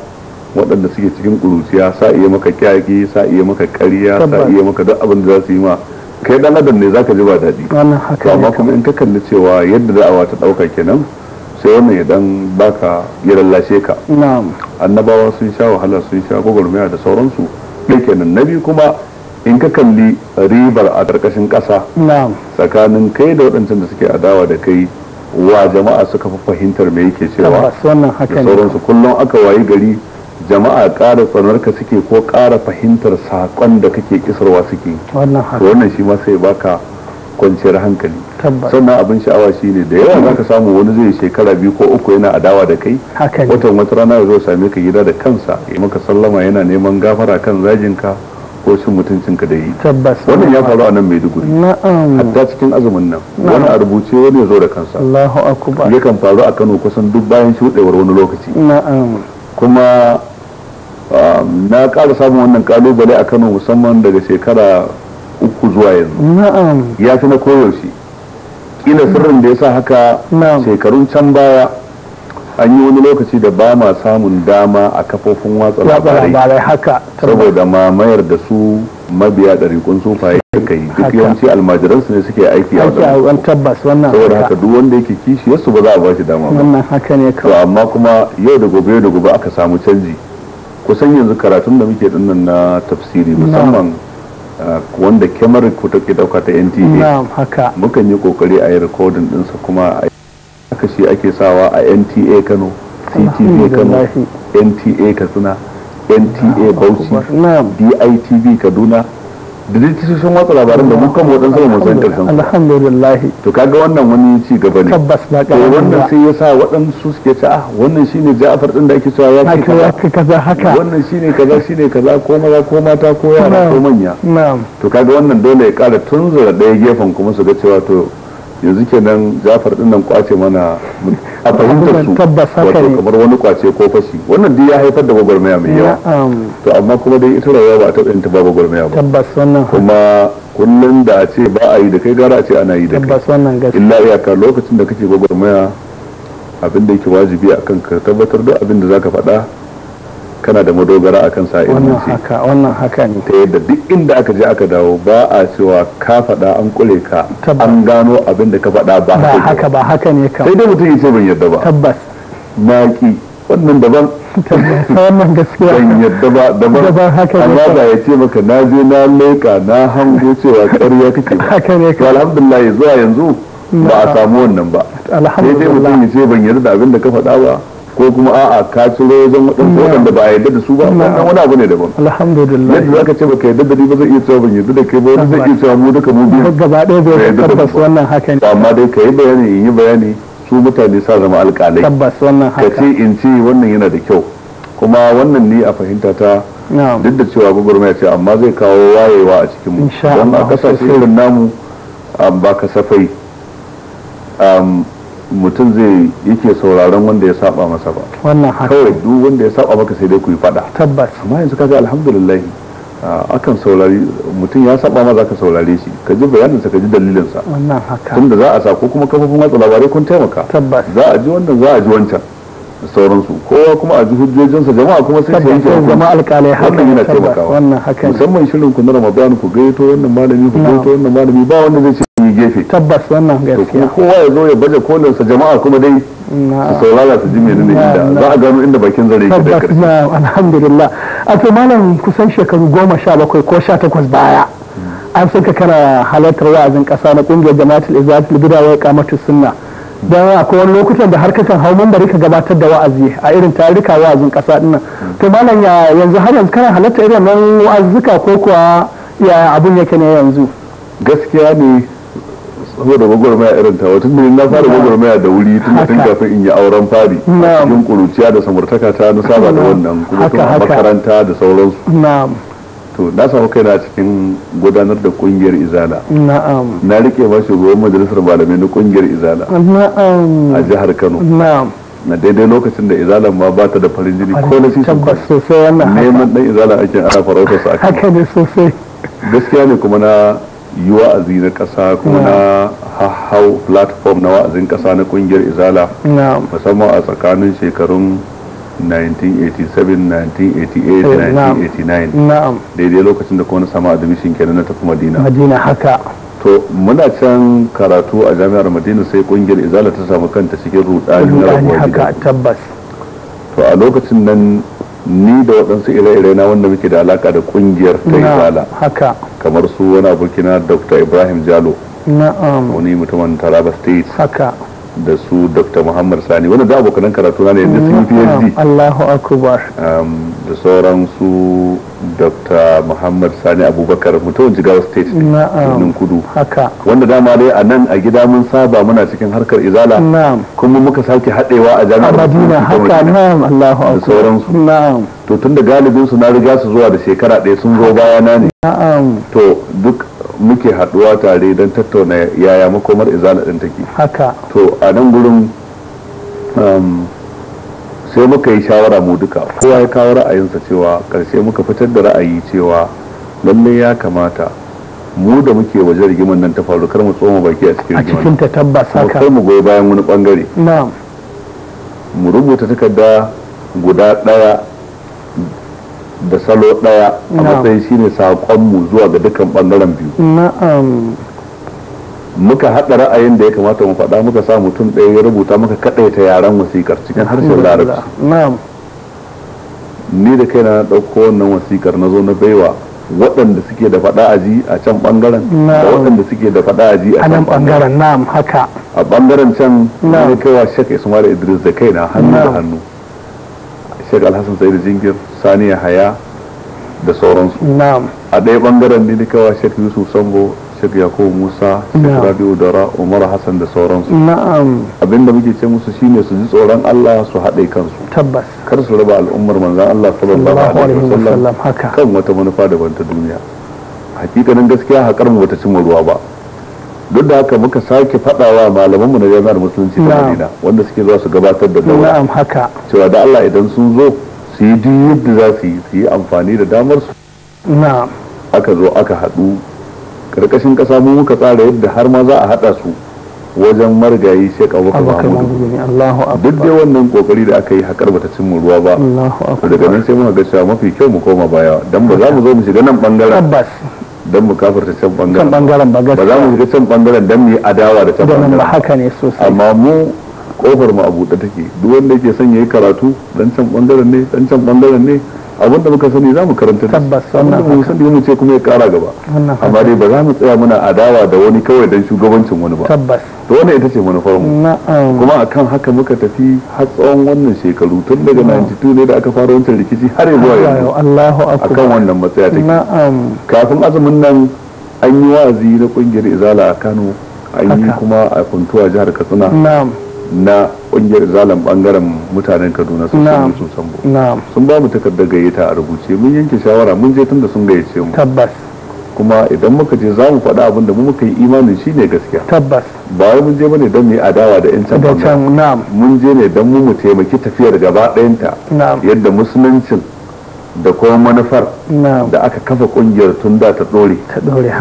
waɗanda suke cikin ƙuruciya sa iya maka kyaki sa iya maka ƙarya sa iya maka duk abin da za su yi ma kai ɗan adam ne zaka ji ba daɗi amma kuma in ka kalli cewa yadda da awa ta ɗauka kenan sai wannan ya dan baka ya lallashe ka annabawa sun sha wahala sun sha gwagwarmaya da sauransu da kenan na kuma in ka kalli ribar a ƙarƙashin ƙasa tsakanin kai da waɗancan da suke adawa da kai wa jama'a suka fi fahimtar me yake cewa da sauransu kullum aka wayi gari jama'a ƙara tsanarka suke ko ƙara fahimtar saƙon da kake kisarwa suke wannan shi ma sai baka kwanciyar hankali sannan abin sha'awa shi ne da yawa za ka samu wani zai shekara biyu ko uku yana adawa da kai watan wata rana ya zo same ka gida da kansa ya maka sallama yana neman gafara kan zajinka ko cin ka da yi wannan ya faru a nan maiduguri hatta cikin azumin nan wani a rubuce wani ya zo da kansa Allahu akbar yakan faru a Kano kusan duk bayan shuɗewar wani lokaci kuma um, na ƙara samun wannan ƙalubale a Kano musamman daga shekara uku zuwa yanzu ya fi na koyaushe kila sirrin da ya sa haka shekarun can baya an yi wani lokaci da ba ma samun dama a kafofin watsa labarai haka saboda mayar da su mabiya ɗariƙun sufaye suka yi duk yawanci almajiransu ne suke aiki a wajen tabbas wannan saboda haka duk wanda yake kishi yasu ba za a bashi shi dama wannan haka ne kawai amma kuma yau da gobe da gobe aka samu canji kusan yanzu karatun da muke dinnan na tafsiri musamman ah, wanda kyamar ku take dauka ta NTA mukan yi kokari a yi rikodin ɗinsa kuma a yi. aka shi ake sawa a nta kano ctv kano nta katsina nta ah, bauchi ditv kaduna da dai tashoshin watsa labaran da mun kama waɗansu masu san karshen alhamdulillah to kaga wannan wani ci gaba ne tabbas na ka eh, wannan sai ya sa waɗansu suke ce ah wannan shine Ja'far din da ake cewa ya ce kaza kaza haka wannan shine kaza shine kaza ko maza ko mata ko yara ko manya na'am to kaga wannan dole ya ƙara tunzura ɗaya gefen kuma su ga cewa to yanzu kenan jafar din nan kwace mana a fahimtar su kamar wani kwace ko fashi wannan duk ya haifar da gwagwarmaya mai yawa to amma kuma dai ita rayuwa ba a taɓa yin ba gwagwarmaya ba tabbas kuma kullum da a ce ba a yi da kai gara a ce ana yi da kai tabbas wannan gaskiya illa iyaka lokacin da kake gwagwarmaya abin da yake wajibi akan ka tabbatar duk abin da ka faɗa kana da madogara a kan sa'in wannan haka wannan haka ne ta yadda duk inda aka je aka dawo ba a cewa ka faɗa an kule ka an gano abin da ka faɗa ba haka ba haka ne ka sai dai mutum ya ce ban yadda ba tabbas maki wannan daban wannan gaskiya ban yadda ba daban haka ne amma ba ya ce maka na je na leka na hango cewa ƙarya kake haka ne ka alhamdulillah zuwa yanzu ba a samu wannan ba sai dai mutum ya ce ban yadda da abin da ka faɗa ba ko kuma a'a ka ciro wajen waɗanda waɗanda ba a yadda da su ba wannan wani abu ne daban alhamdulillah yadda zaka ce baka yadda da ni ba zai iya cewa ban yarda da kai ba wani zai iya cewa mu duka mu biyu gaba ɗaya zai tabbas wannan haka ne amma dai ka yi bayani in yi bayani su mutane sa zama alƙalai tabbas wannan haka ka ce in ce wannan yana da kyau kuma wannan ne a fahimta ta duk da cewa ya ce amma zai kawo wayewa a cikin mu don a kasashe irin namu ba kasafai mutum zai yake sauraron wanda ya saba masa ba wannan haka kawai duk wanda ya saba maka sai dai ku yi fada tabbas amma yanzu kaga alhamdulillah akan saurari mutum ya saba ma zaka saurare shi ka ji sa ka ji sa wannan haka tunda za a sa ko kuma kafofin watsa labarai kun taimaka tabbas za a ji wannan za a ji wancan sauransu kowa kuma a ji hujjojinsa jama'a kuma sai sai yake jama'a alƙalai haka yana taimakawa wannan haka musamman shirin ku na Ramadan ku gaito wannan malami ku gaito wannan malami ba wanda zai ce shi gefe tabbas wannan gaskiya to kowa ya zo ya baje kolin sa jama'a kuma dai su saurara su ji menene inda za a gano inda bakin zare yake da alhamdulillah a to malam kusan shekaru goma sha bakwai ko sha takwas baya an saka kana halartar wa'azin kasa na kungiyar jama'atul izatul bid'a wa iqamatus sunna don akwai wani lokutan da har kakan hau mambari ka gabatar da wa'azi a irin tarika wa'azin kasa din nan to malam ya yanzu har yanzu kana halarta irin nan wa'azuka ko kuwa ya abun yake ne yanzu gaskiya ne saboda gwagwarmaya irin ta wata ne na fara gwagwarmaya da wuri tun tun kafin in yi auren fari cikin kuruciya da samartaka ta na saba da wannan kuma tun makaranta da sauransu to na samu na cikin gudanar da kungiyar izala na'am na rike ma shugaban majalisar malamai na kungiyar izala na'am a jihar Kano na'am na daidai lokacin da izalan ma ba ta da farin jini ko na shi sosai wannan neman dan izala ake ana farautar sa haka ne sosai gaskiya ne kuma na yi wa'azi na ƙasa ko na hau platform na wa'azin ƙasa na ƙungiyar izala musamman a tsakanin shekarun 1987-1988-1989 daidai lokacin da kuma na sama admission kenan na tafi madina madina haka to muna can karatu a jami'ar madina sai kungiyar izala ta samu kanta cikin rudani na rabuwa gida to a lokacin nan ni da waɗansu ire-ire na wanda muke da alaka da kungiyar ta haka kamar su wani abokina dr ibrahim jalo na'am wani mutumin taraba state haka da su dr muhammad sani wanda da abokan karatu na ne da sun phd allahu akubar da sauran su dr muhammad sani abubakar mutuwan jigawa state ne kudu haka wanda dama dai a nan a gida mun saba muna cikin harkar izala kuma muka sake haɗewa a jami'ar madina haka na'am allahu akubar da sauran su na'am to tun da galibin su na riga su zuwa da shekara ɗaya sun zo bayana ne na'am to duk muke haduwa tare don tattauna yaya makomar izala din take haka to a nan gurin um, sai muka yi shawara mu duka kowa ya kawo ra'ayinsa cewa karshe muka fitar da ra'ayi cewa lallai ya kamata mu da muke waje rigimar nan ta faru kar mu tsoma baki a cikin rigimar a cikin ta tabbas haka kar mu goyi bayan wani bangare na'am mu rubuta takarda guda ɗaya. da salo daya a matsayin shine saƙonmu zuwa ga dukkan bangaren biyu muka haɗa ra'ayin da ya kamata mu faɗa muka sa mutum ɗaya ya rubuta muka kaɗaita yaren wasiƙar cikin harshen larabci ni da kaina na ɗauko wannan wasiƙar na zo na baiwa waɗanda suke da faɗa a ji a can ɓangaren da waɗanda suke da faɗa a ji a can ɓangaren na'am haka a ɓangaren can na kaiwa shek ismail idris da kaina hannu da hannu shek alhassan sai da jingir sani Yahaya haya da sauransu a ɗaya bangaren ne kawa shek yusuf sambo shek yakubu musa shek rabiu udara umar hassan da sauransu abinda muke ce musu shine su ji tsoron allah su haɗe kansu tabbas kar su raba al'ummar manzan allah sallallahu alaihi wasallam kan wata manufa daban ta duniya hakikanin gaskiya haƙar mu bata cimma ruwa ba duk da haka muka sake malaman malamanmu na jami'ar musulunci ta Madina wanda suke zuwa su gabatar da haka. cewa da Allah idan sun zo su yi duk yadda za su yi su yi amfani da damar su aka zo aka haɗu karkashin ƙasa mu muka tsara yadda har ma za a haɗa su wajen marigayi shek abubakar mahmudu duk da wannan kokari da aka yi haƙar bata cin ruwa ba daga nan sai muka ga cewa mafi kyau mu koma baya dan ba za mu zo mu shiga nan bangaren dan mu kafarta can bangaren ba za mu shiga can bangaren dan mu yi adawa da can bangaren amma mu kofar mu a buɗe take duk wanda yake son yayi karatu dan can bangaren ne dan can bangaren ne abinda muka sani za mu karanta da abinda mu sani mu ce kuma ya kara gaba amma dai ba za mu tsaya muna adawa da wani kawai dan shugabancin wani ba tabbas to wannan ita ce manufar mu kuma akan haka muka tafi har tsawon wannan shekaru tun daga 92 ne da aka fara wancan rikici har zuwa yanzu Allahu akbar akan wannan matsaya take na'am kafin azumin nan an yi wa'azi na kungiyar izala a Kano an yi kuma a kuntuwa jihar Katsina na'am na ƙungiyar zalan bangaren mutanen kaduna sun samu sun sambo sun ba mu takardar gayyata a rubuce mun yanke shawara mun je tunda sun gayyace mu tabbas kuma idan muka je za mu faɗa abin da mu muka yi imanin shi ne gaskiya tabbas ba wai mun je bane don mu yi adawa da yan can mun je ne don mu mu taimaki tafiyar gaba ɗayanta yadda musuluncin da kuma manufar da aka kafa ƙungiyar tun da ta ɗore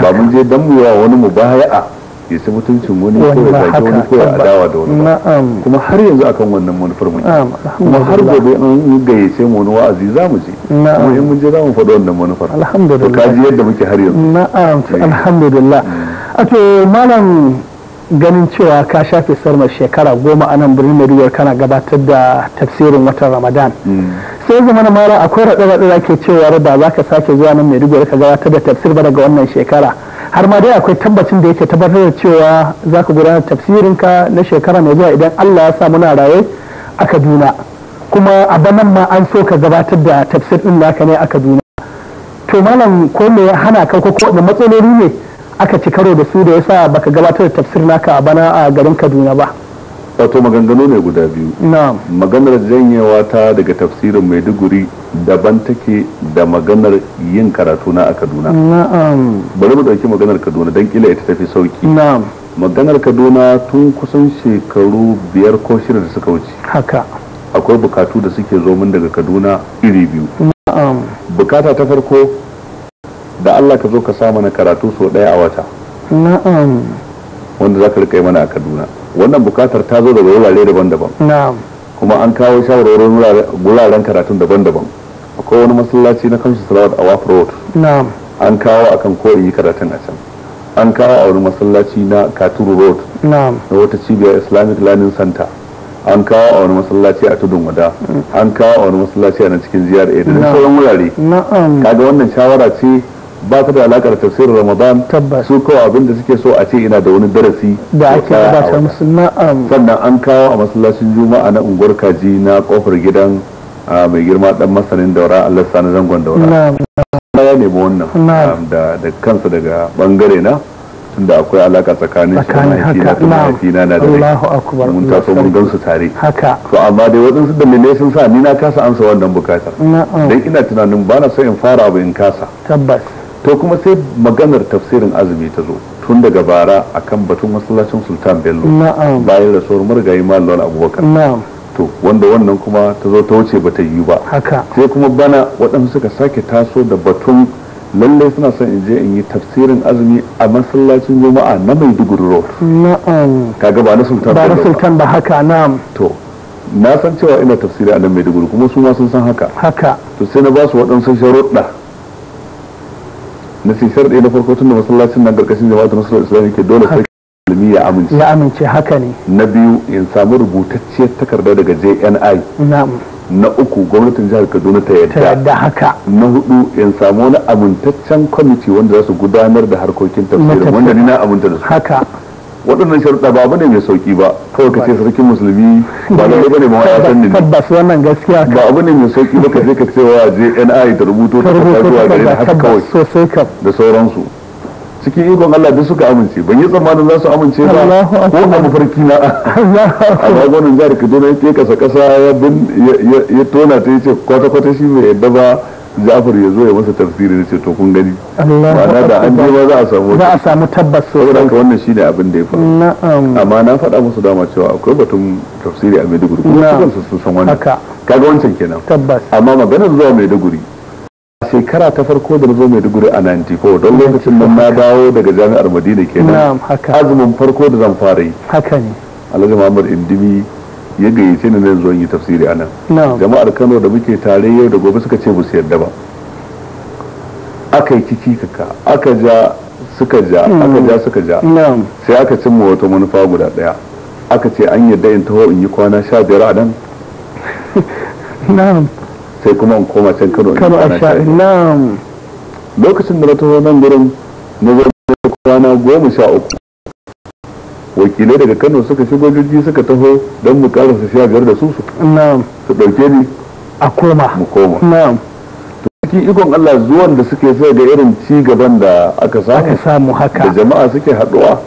ba mun je don mu yi wa wani mu baya'a. ya ci mutuncin wani ko ya zaki wani ko ya adawa da wani ba kuma har yanzu akan wannan manufar mu kuma har gobe an gayyace mu wani wa'azi za mu je kuma in mun je za mu faɗi wannan manufar alhamdulillah ka ji yadda muke har yanzu na'am alhamdulillah mm. to malam ganin cewa ka shafe sarma shekara goma a nan birnin Maiduguri kana gabatar da tafsirin watan Ramadan. Mm. Sai zama na mara akwai raɗa-raɗa da ke cewa da za ka sake zuwa nan Maiduguri ka gabatar da tafsir ba daga wannan shekara. har ma dai akwai tabbacin da yake tabbatar da cewa za ka gudanar tafsirinka na shekara mai zuwa idan allah ya sa muna raye a kaduna kuma a banan ma an so ka gabatar da tafsir din naka ne a kaduna to malam ko me hana ka ko da matsaloli ne aka ci karo da su da ya yasa baka gabatar da tafsir naka a bana a garin kaduna ba wato maganganu ne guda biyu maganar janyewa ta daga tafsirin maiduguri daban take da maganar yin karatu na a kaduna bari mu dauki maganar kaduna don kila ita tafi sauki maganar kaduna tun kusan shekaru biyar ko shida da suka wuce haka akwai bukatu da suke zo min daga kaduna iri biyu bukata ta farko da allah ka zo ka sa mana karatu sau daya a wata wanda za ka rika mana a kaduna wannan bukatar ta zo daga wurare daban-daban kuma an kawo shawarwarin wuraren karatun daban-daban akwai wani masallaci na kamshi salawat a waf road an kawo akan koyi karatun a can an kawo a wani masallaci na katuru road na wata cibiyar islamic learning center an kawo a wani masallaci a tudun wada mm. an kawo a wani masallaci a nan cikin ziyar da sauran wurare kaga wannan shawara ce ba ta da alakar tafsirin ramadan su kawai abin da suke so a ce ina da wani darasi da ake musu na'am sannan an kawo a masallacin juma'a na unguwar kaji na kofar gidan mai girma dan masanin daura Allah sani zangon daura na ya nemi wannan da kansa daga bangare na tunda akwai alaka tsakanin shi na da mahaifina na da rai mun taso mun gansu tare to amma dai da dalilai sun sa ni na kasa amsa wannan bukatar dan ina tunanin ba na so in fara abu in kasa tabbas to kuma sai maganar tafsirin azumi ta zo tun daga bara akan batun masallacin sultan bello bayan rasuwar marigayi malon abubakar to wanda wannan kuma ta zo ta wuce bata yi ba sai kuma bana waɗansu suka sake taso da batun lallai suna son in je in yi tafsirin azumi a masallacin juma'a na maiduguri road na'am kaga ba na sultan ba na sultan ba haka na'am to na san cewa ina tafsiri a nan maiduguri kuma su ma sun san haka haka to sai na ba su waɗansu sharuɗa na ce sharɗi na farko tun da masallacin nan jama'atu na nasarar islami ke dole sai ilimi ya amince ya amince haka ne na biyu in samu rubutacciyar takarda daga JNI na uku gwamnatin jihar Kaduna ta yadda haka na hudu in samu wani amintaccen kwamiti wanda za su gudanar da harkokin tafsirin wanda ni na aminta da su haka waɗannan sharuɗa ba bane mai sauƙi ba kawai ka ce sarkin musulmi ba lalle bane ma ya san ne tabbas wannan gaskiya ba abu ne mai sauƙi ba ka je ka ce wa je NI ta rubuto ta kasuwa gare ni haka kawai sosai kam da sauransu cikin ikon Allah duk suka amince ban yi tsammanin za su amince ba ko a mafarki na a gwanin jihar Kaduna ya ke kasa kasa ya tona ta ya ce kwata-kwata shi mai yadda ba Ja'far ya zo ya masa tafsiri ne ce to kun gani ma'ana da an je ma za a samu za a samu tabbas saboda haka wannan shine abin da ya faru na'am amma na faɗa musu dama cewa akwai batun tafsiri a Maiduguri kuma kansu sun san wannan kaga wancan kenan tabbas amma maganar zuwa Maiduguri a shekara ta farko da na zo Maiduguri a 94 don lokacin nan na dawo daga jami'ar Madina kenan azumin farko da zan fara yi haka ne Alhaji Muhammad Indimi ya gayyace ni zan zo yi tafsiri anan jama'ar Kano da muke tare yau da gobe suka ce musu yadda ba aka yi ciki kaka aka ja suka ja hmm. aka ja suka ja sai aka mu wata manufa guda daya aka ce an yadda in taho in yi kwana sha biyar a nan sai kuma in koma can Kano in kwana sha lokacin da na taho nan gurin na zo kwana goma sha uku wakilai daga kano suka shigo jirgi suka taho don mu su sha biyar da su su su ɗauke ni a koma mu koma suke ikon Allah zuwan da suke sai ga irin ci gaban da aka samu haka da jama'a suke haɗuwa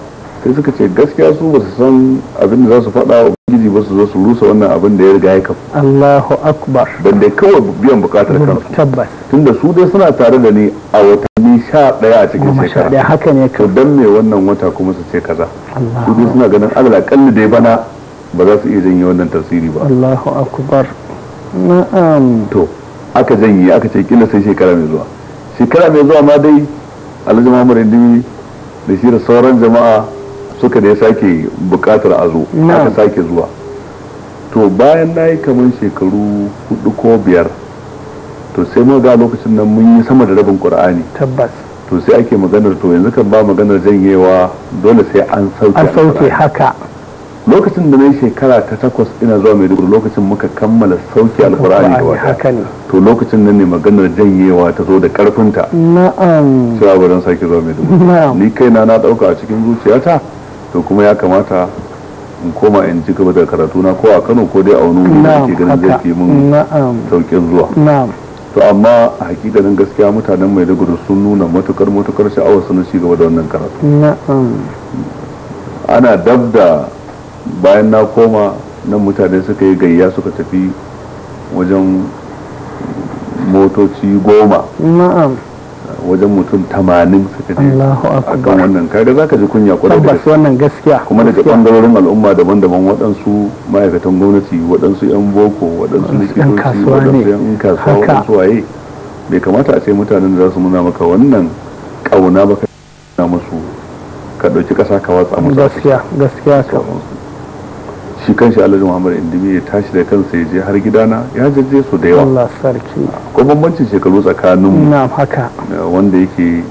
sai suka ce gaskiya su ba su san abin da za su faɗa izi ba su zo su rusa wannan abin da ya riga ya kafu Allahu akbar dan dai kawai biyan bukatar mm, kan tabbas tunda su dai suna tare da ni a watanni sha daya a cikin shekara da haka ne ka dan me wannan wata kuma su ce kaza su dai suna ganin Allah kalli dai bana ba za su iya janye wannan tasiri ba Allahu akbar na'am to aka janye aka ce kila sai shekara mai zuwa shekara mai zuwa ma dai Alhaji Muhammad Indimi da shi da sauran jama'a suka da ya sake bukatar a zo aka sake zuwa to bayan na yi kamar shekaru hudu ko biyar to sai mun ga lokacin nan mun yi sama da rabin qur'ani tabbas to sai ake maganar to yanzu kan ba maganar janyewa dole sai an sauke an sauke haka lokacin da na yi shekara ta takwas ina zuwa mai maiduguri lokacin muka kammala sauke alkurani da wata to lokacin nan ne maganar janyewa ta zo da karfinta na'am sai ba sake zuwa mai dubu. ni kaina na dauka a cikin zuciyata to kuma ya kamata in koma in ci gaba da karatu na ko a Kano ko dai a wani wuri da ke ganin zai fi mun saukin zuwa to amma a hakikanin gaskiya mutanen Maiduguri sun nuna matukar matukar sha'awar su na ci gaba da wannan karatu ana dab da bayan na koma nan mutane suka yi gayya suka tafi wajen motoci goma wajen mutum tamanin suka ce a kan wannan kare. za ka ji kunya kwada da su wannan gaskiya kuma daga bangarorin al'umma daban-daban waɗansu ma'aikatan gwamnati waɗansu 'yan boko waɗansu likitoci waɗansu 'yan kasuwa waɗansu waye bai kamata a ce mutanen da za su nuna maka wannan ƙauna ba ka nuna musu ka ɗauki ƙasa ka watsa musu gaskiya gaskiya shi shi alhaji muhammad indimi ya tashi da kansa ya je har gidana ya jaje su da yawa Allah bambancin shekaru tsakanin mu haka wanda yake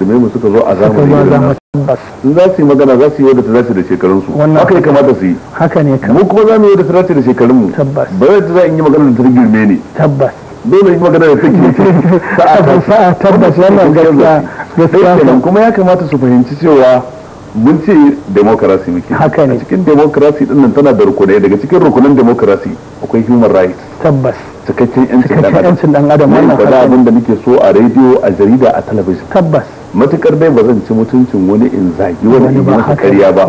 musulmai mu suka zo a zamani za su yi magana za su yi wadda ta dace da shekarun su haka ya kamata su yi haka ne mu kuma za mu yi wadda ta dace da shekarun mu tabbas ba zai za yi magana da ta girme ne tabbas dole yi magana da ta girme sa'a tabbas wannan gaskiya gaskiya kuma ya kamata su fahimci cewa mun ce demokarasi muke haka ne cikin demokarasi din nan tana da rukunai daga cikin rukunan demokarasi akwai human rights tabbas cikakken yancin dan adam wannan abin da muke so a rediyo a jarida a talabijin tabbas matukar dai ba zan ci mutuncin wani in zagi wani in masa karya ba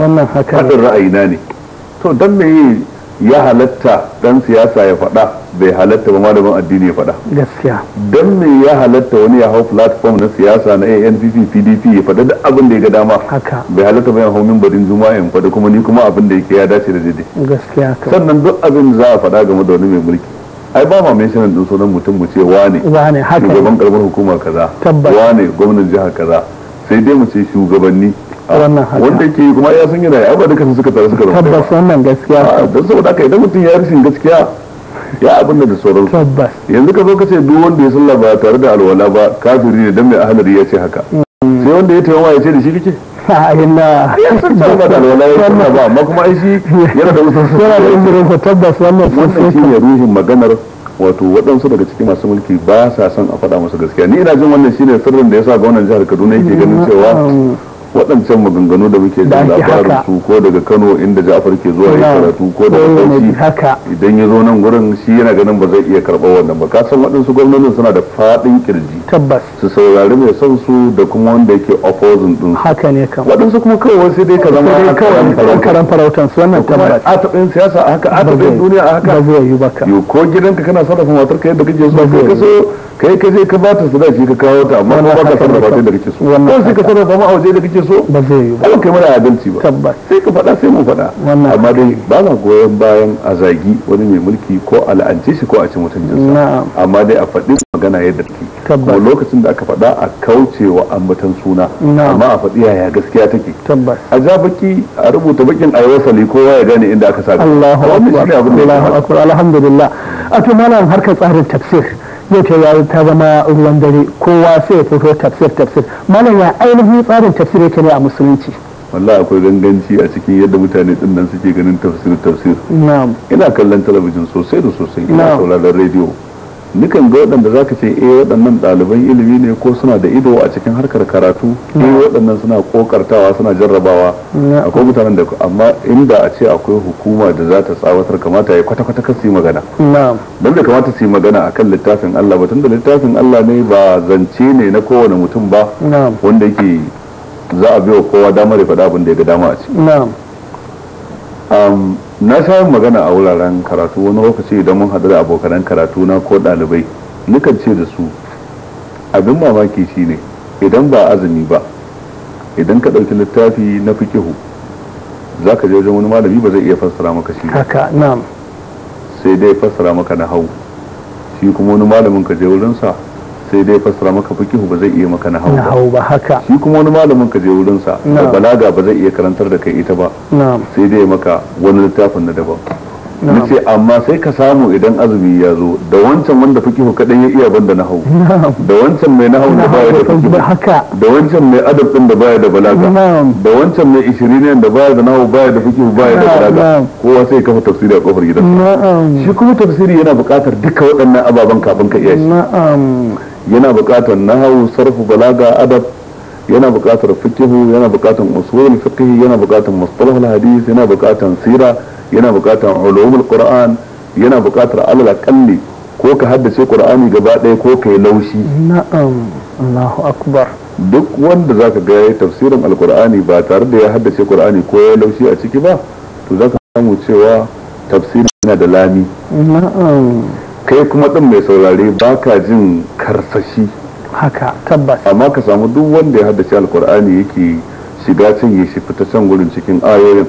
faɗin ra'ayina ne to dan me ya halatta dan siyasa ya faɗa bai halatta ba malamin addini ya faɗa gaskiya dan me ya halatta wani ya hau platform na siyasa na ANPP PDP ya faɗa da abin da ya ga dama haka bai halatta ba ya hau mimbarin juma'a in faɗa kuma ni kuma abin da yake ya dace da daidai gaskiya sannan duk abin za a faɗa game da wani mai mulki ai ba ma mention din sunan mutum mu ce wane wane haka shugaban karamar hukuma kaza wane gwamnan jiha kaza sai dai mu ce shugabanni wannan haka wanda ke kuma ya san yana ya ba duka suka tare suka zama tabbas wannan gaskiya ah, don saboda haka idan mutum ya rashin gaskiya ya abin da sauran tabbas yanzu ka zo ka ce duk wanda ya sallah ba tare da alwala ba kafiri ne dan mai ahlari ya ce haka mm. sai wanda ya tayawa ya ce da shi kike ina yanzu ba da ba shi yana ruhin maganar wato waɗansu daga cikin masu mulki ba sa son a faɗa masa gaskiya ni ina jin wannan shine sirrin da yasa gwamnan jihar Kaduna yake ganin cewa waɗancan maganganu da muke da labarin su ko daga Kano inda Ja'far ke zuwa ya karatu ko daga Bauchi idan ya zo nan gurin shi yana ganin ba zai iya karɓar wannan ba ka san waɗansu gwamnatin suna da faɗin kirji tabbas su saurari mai son su da kuma wanda yake opposing din haka ne kan waɗansu kuma kawai sai dai ka zama a karan farautan su wannan tabbas a taɓin siyasa a haka a taɓin duniya a haka ba zai yi ba ka ko gidanka kana sarrafa matar ka yadda kake so kai ka so kai ka je ka ba ta shi ka kawo ta amma ba ka sarrafa ta da kake so ko sai ka sarrafa ma a waje da kake kake so ba zai yi ba ba kai mana adalci ba tabbas sai ka faɗa sai mu faɗa amma dai ba na goyon bayan a zagi wani mai mulki ko a shi ko a ci mutuncinsa amma dai a faɗi magana yadda take ko lokacin da aka faɗa a kaucewa ambatan suna amma a faɗi yaya gaskiya take a ja baki a rubuta bakin a ko kowa ya gane inda aka sa Allahu akbar Allahu akbar alhamdulillah a to malam harkar tsarin tafsir zai ta yayi ta zama ruwan dare kowa sai ya fito tafsir tafsir malam ya ainihin tsarin tafsir yake ne a musulunci wallahi akwai ganganci a cikin yadda mutane din nan suke ganin tafsir tafsir ina kallon talabijin sosai da sosai ina sauraron rediyo nukan ga waɗanda ka ce eh waɗannan ɗaliban ilimi ne ko suna da ido a cikin harkar karatu mm. eh waɗannan suna kokartawa suna jarrabawa mm. akwai mutanen da amma inda a ce akwai hukuma da za ta tsawatar kamata ya kwata kwata kasu yi magana don da kamata su yi magana akan littafin Allah ba da littafin Allah ne ba zance ne na kowane mutum ba wanda yake za a biyo kowa damar ya faɗa abin da ya ga dama a ciki na sha magana a wuraren karatu wani lokaci idan mun haɗu da abokanan karatu na ko ɗalibai nukan ce da su abin mamaki ne idan ba azumi ba idan ka ɗauki littafi na fikihu za ka je wajen wani malami ba zai iya fassara maka shi haka na'am sai dai fassara maka na hau shi kuma wani malamin ka je wurinsa sai dai fassara maka fikihu ba zai iya maka na hau ba haka shi kuma wani malamin ka je wurin sa balaga ba zai iya karantar da kai ita ba sai dai maka wani littafin na daban ce amma sai ka samu idan azumi ya zo da wancan wanda fikihu kadan ya iya banda na hau da wancan mai na hau da baya da fikihu da wancan mai adab din da baya da balaga da wancan mai ishirin da baya da nahau baya da fikihu baya da balaga kowa sai kafa tafsiri a kofar gidan shi kuma tafsiri yana buƙatar duka waɗannan ababen kafin ka iya shi yana buƙatar nahawu sarfu balaga adab yana buƙatar fikihu yana buƙatar usul fiqh yana buƙatar mustalah hadith yana buƙatar sira yana buƙatar ulumul qur'an yana buƙatar alal ko ka haddace qur'ani gaba ɗaya ko kai laushi na'am Allahu akbar duk wanda zaka ga yayi tafsirin alqur'ani ba tare da ya haddace qur'ani ko ya laushi a ciki ba to zaka samu cewa tafsirin yana da lami na'am kai kuma ɗin mai saurare ba ka jin karsashi haka tabbas amma ka samu duk wanda ya haddace alkur'ani yake shiga can ya shi fita can gurin cikin ayoyin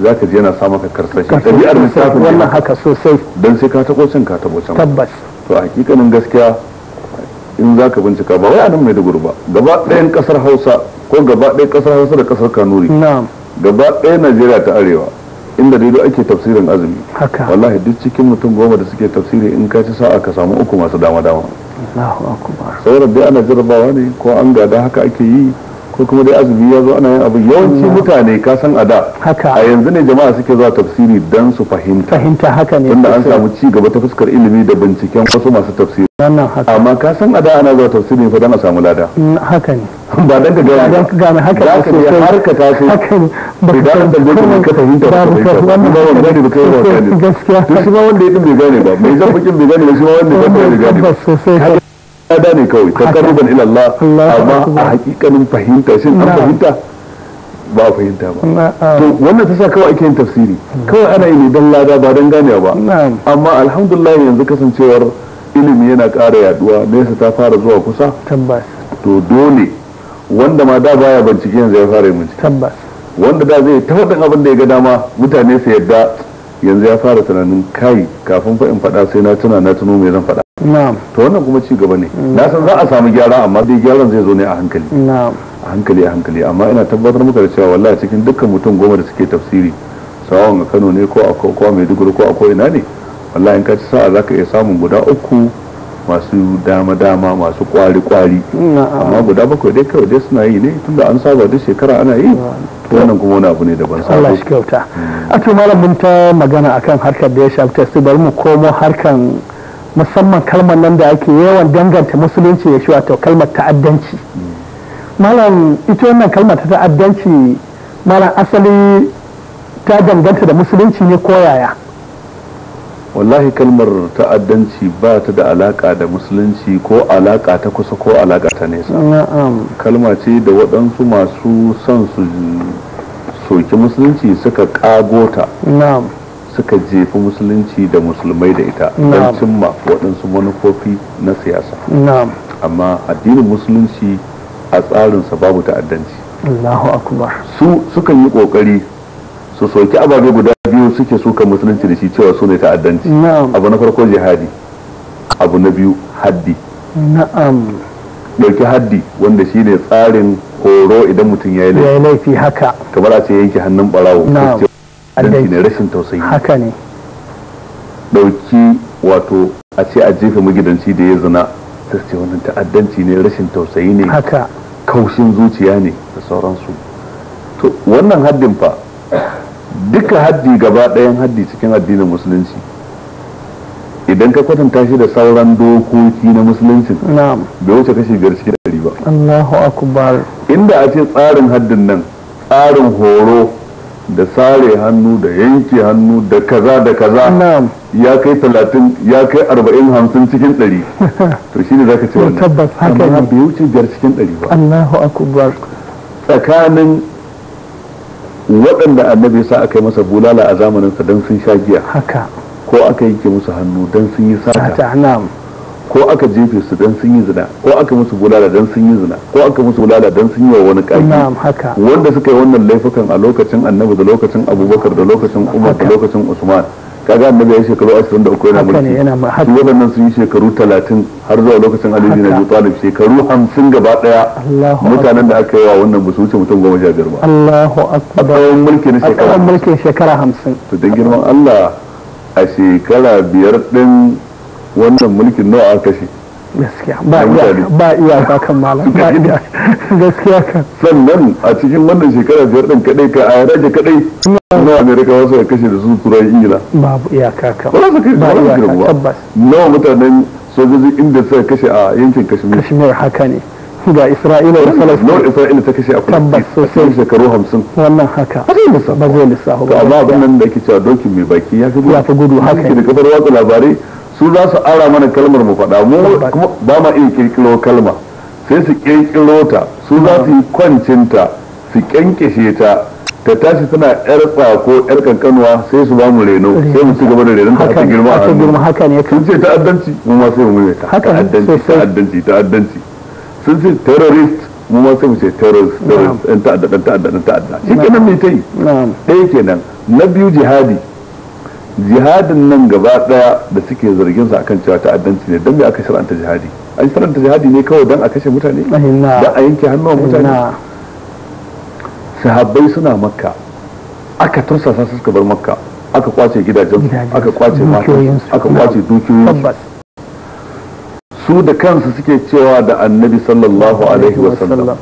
za ka ji yana sa maka karsashi ɗabi'ar lissafi wannan haka sosai don sai ka taɓo can ka taɓo can tabbas to hakikanin gaskiya in za ka bincika ba wai a nan maiduguri ba gaba ɗayan ƙasar hausa ko gaba ɗayan ƙasar hausa da ƙasar kanuri gaba ɗayan najeriya ta arewa inda dai ake tafsirin azumi wallahi duk cikin mutum goma da suke tafsiri in ka ci sa'a ka samu uku masu dama dama sauran dai ana jarrabawa ne ko an gada haka ake yi ko kuma dai azumi ya zo ana yin abu yawanci mm. mutane ka san a da a yanzu ne jama'a suke zuwa tafsiri dan su fahimta fahimta haka ne tunda an samu ci gaba ta fuskar ilimi da binciken wasu masu tafsiri amma ka san a da ana zuwa tafsiri fa dan a samu lada mm, haka ne ba dan ka gane ba gane haka za ka biya har ka tashi idan da gobe ka fahimta ba ka fahimta ba wanda gane ba kai ba gane gaskiya to shi ma wanda ya bai gane ba mai zan bakin bai gane ba shi ba wanda bai gane ba sosai da gane kawai takarruban ila Allah amma a hakikanin fahimta shin an fahimta ba fahimta ba to wannan ta sa kawai ake yin tafsiri kawai ana yi ne dan lada ba dan ganewa ba amma alhamdulillah yanzu kasancewar ilimi yana ƙara yaduwa nesa ta fara zuwa kusa to dole wanda ma da baya bincike yanzu ya fara bincike wanda da zai ta faɗin abin da ya ga dama mutane su yadda yanzu ya fara tunanin kai kafin fa faɗa sai na tuna na tuno me zan faɗa na'am to wannan kuma ci gaba ne mm. na san za a samu gyara amma dai gyaran zai zo ne a hankali na'am a hankali a hankali amma ina tabbatar muka da cewa wallahi cikin dukkan mutum goma da suke tafsiri sawan a Kano ne ko a ko Maiduguri ko a ko ina ne wallahi in ka ci sa'a zaka iya samun guda uku masu dama-dama masu kwari-kwari amma guda bakwai dai kawai dai suna yi ne tunda an saba duk shekara ana yi wannan kuma wani abu ne daban sabo Allah shi kyauta hmm. a malam ta magana akan harkar da ya shafi bari mu komo harkan musamman kalmar nan da ake yawan danganta musulunci ya shi wato kalmar ta'addanci hmm. malam ita wannan kalmar ta ta'addanci malam asali ta danganta da musulunci ne ko yaya wallahi kalmar ta'addanci ba ta da alaka da musulunci ko alaka ta kusa ko alaka ta nesa kalma ce da waɗansu masu son su soki musulunci suka ƙagota suka jefi musulunci da musulmai da ita don cimma waɗansu manufofi na siyasa amma addinin musulunci a tsarinsa babu ta'addanci su sukan yi ƙoƙari su soki ababe guda suke suka musulunci da shi cewa su ne ta'addanci abu na farko jihadi abu na biyu haddi na'am dauki haddi wanda shi ne tsarin horo idan mutum ya yi laifi haka kamar a ce yanke hannun barawo ko ne rashin tausayi haka ne dauki wato a ce a jefa magidanci da ya zina ta ce wannan ta'addanci ne rashin tausayi ne kaushin zuciya ne da sauransu to wannan haddin fa duka haddi gaba ɗayan haddi cikin addinin musulunci idan ka kwatanta shi da sauran dokoki na musulunci bai wuce kashi biyar cikin ɗari ba Allahu akbar inda a ce tsarin haddin nan tsarin horo da sare hannu da yanke hannu da kaza da kaza ya kai talatin ya kai arba'in hamsin cikin ɗari to shi ne za ka ce wannan amma bai wuce biyar cikin ɗari ba Allahu akbar tsakanin waɗanda annabi sa aka yi masa bulala a zamaninsa don sun sha giya haka ko aka yanke musu hannu don sun yi sata ko aka jefe su don sun yi zina ko aka musu bulala don sun yi zina ko aka musu bulala don sun yi wa wani ƙarfi wanda suka yi wannan laifukan a lokacin annabi da lokacin abubakar da lokacin umar da lokacin usman kaga annabi zai shekaru 23 yana mulki su wadannan sun yi shekaru 30 har zuwa lokacin alibi na Abi Talib shekaru 50 gaba daya mutanen da aka yi wa wannan ba wuce mutum goma sha biyar ba Allahu akbar tsawon mulki na shekara tsawon mulkin shekara 50 to dan girman Allah a shekara biyar din wannan mulkin nawa aka kashe gaskiya ba iyaka kan malam ba iyaka gaskiya kan sannan a cikin wannan shekara biyar din kadai ka a rage kadai na amerika wasu ya kashe da su turai ingila babu iyaka kan ba su kai ba iyaka tabbas nawa mutanen sojoji inda suka kashe a yankin kashmir kashmir haka ne ga isra'ila da falastin Nawa isra'ila ta kashe a tabbas sosai shekaru hamsin wannan haka ba zai lissafa ba zai lissafa ba amma abin nan da ake cewa dokin mai baki ya fi gudu haka ne da kafar watsa labarai su za su ara mana kalmar mu faɗa mu kuma ba ma iya kirkiro kalma sai su kirkiro ta su za su yi kwancinta su kyankishe ta ta tashi tana yar tsako yar kankanuwa sai su ba mu reno sai mu ci gaba da renon ta ta girma a girma haka ne sun ce ta'addanci mu ma sai mu ne ta'addanci ta'addanci sun ce terrorist mu ma sai mu ce terrorist terrorist ta'addanci ta'addanci ta'addanci shi kenan ta yi ɗaya kenan na biyu jihadi jihadin nan gaba daya da suke zargin su akan cewa ta'addanci ne don me aka shar'anta jihadi an shar'anta jihadi ne kawai don a kashe mutane da a yanke hannuwan mutane sahabbai suna makka aka tursa su suka bar makka aka kwace gidajen aka kwace matan aka kwace dukiyoyin su da kansu suke cewa da annabi sallallahu alaihi wasallam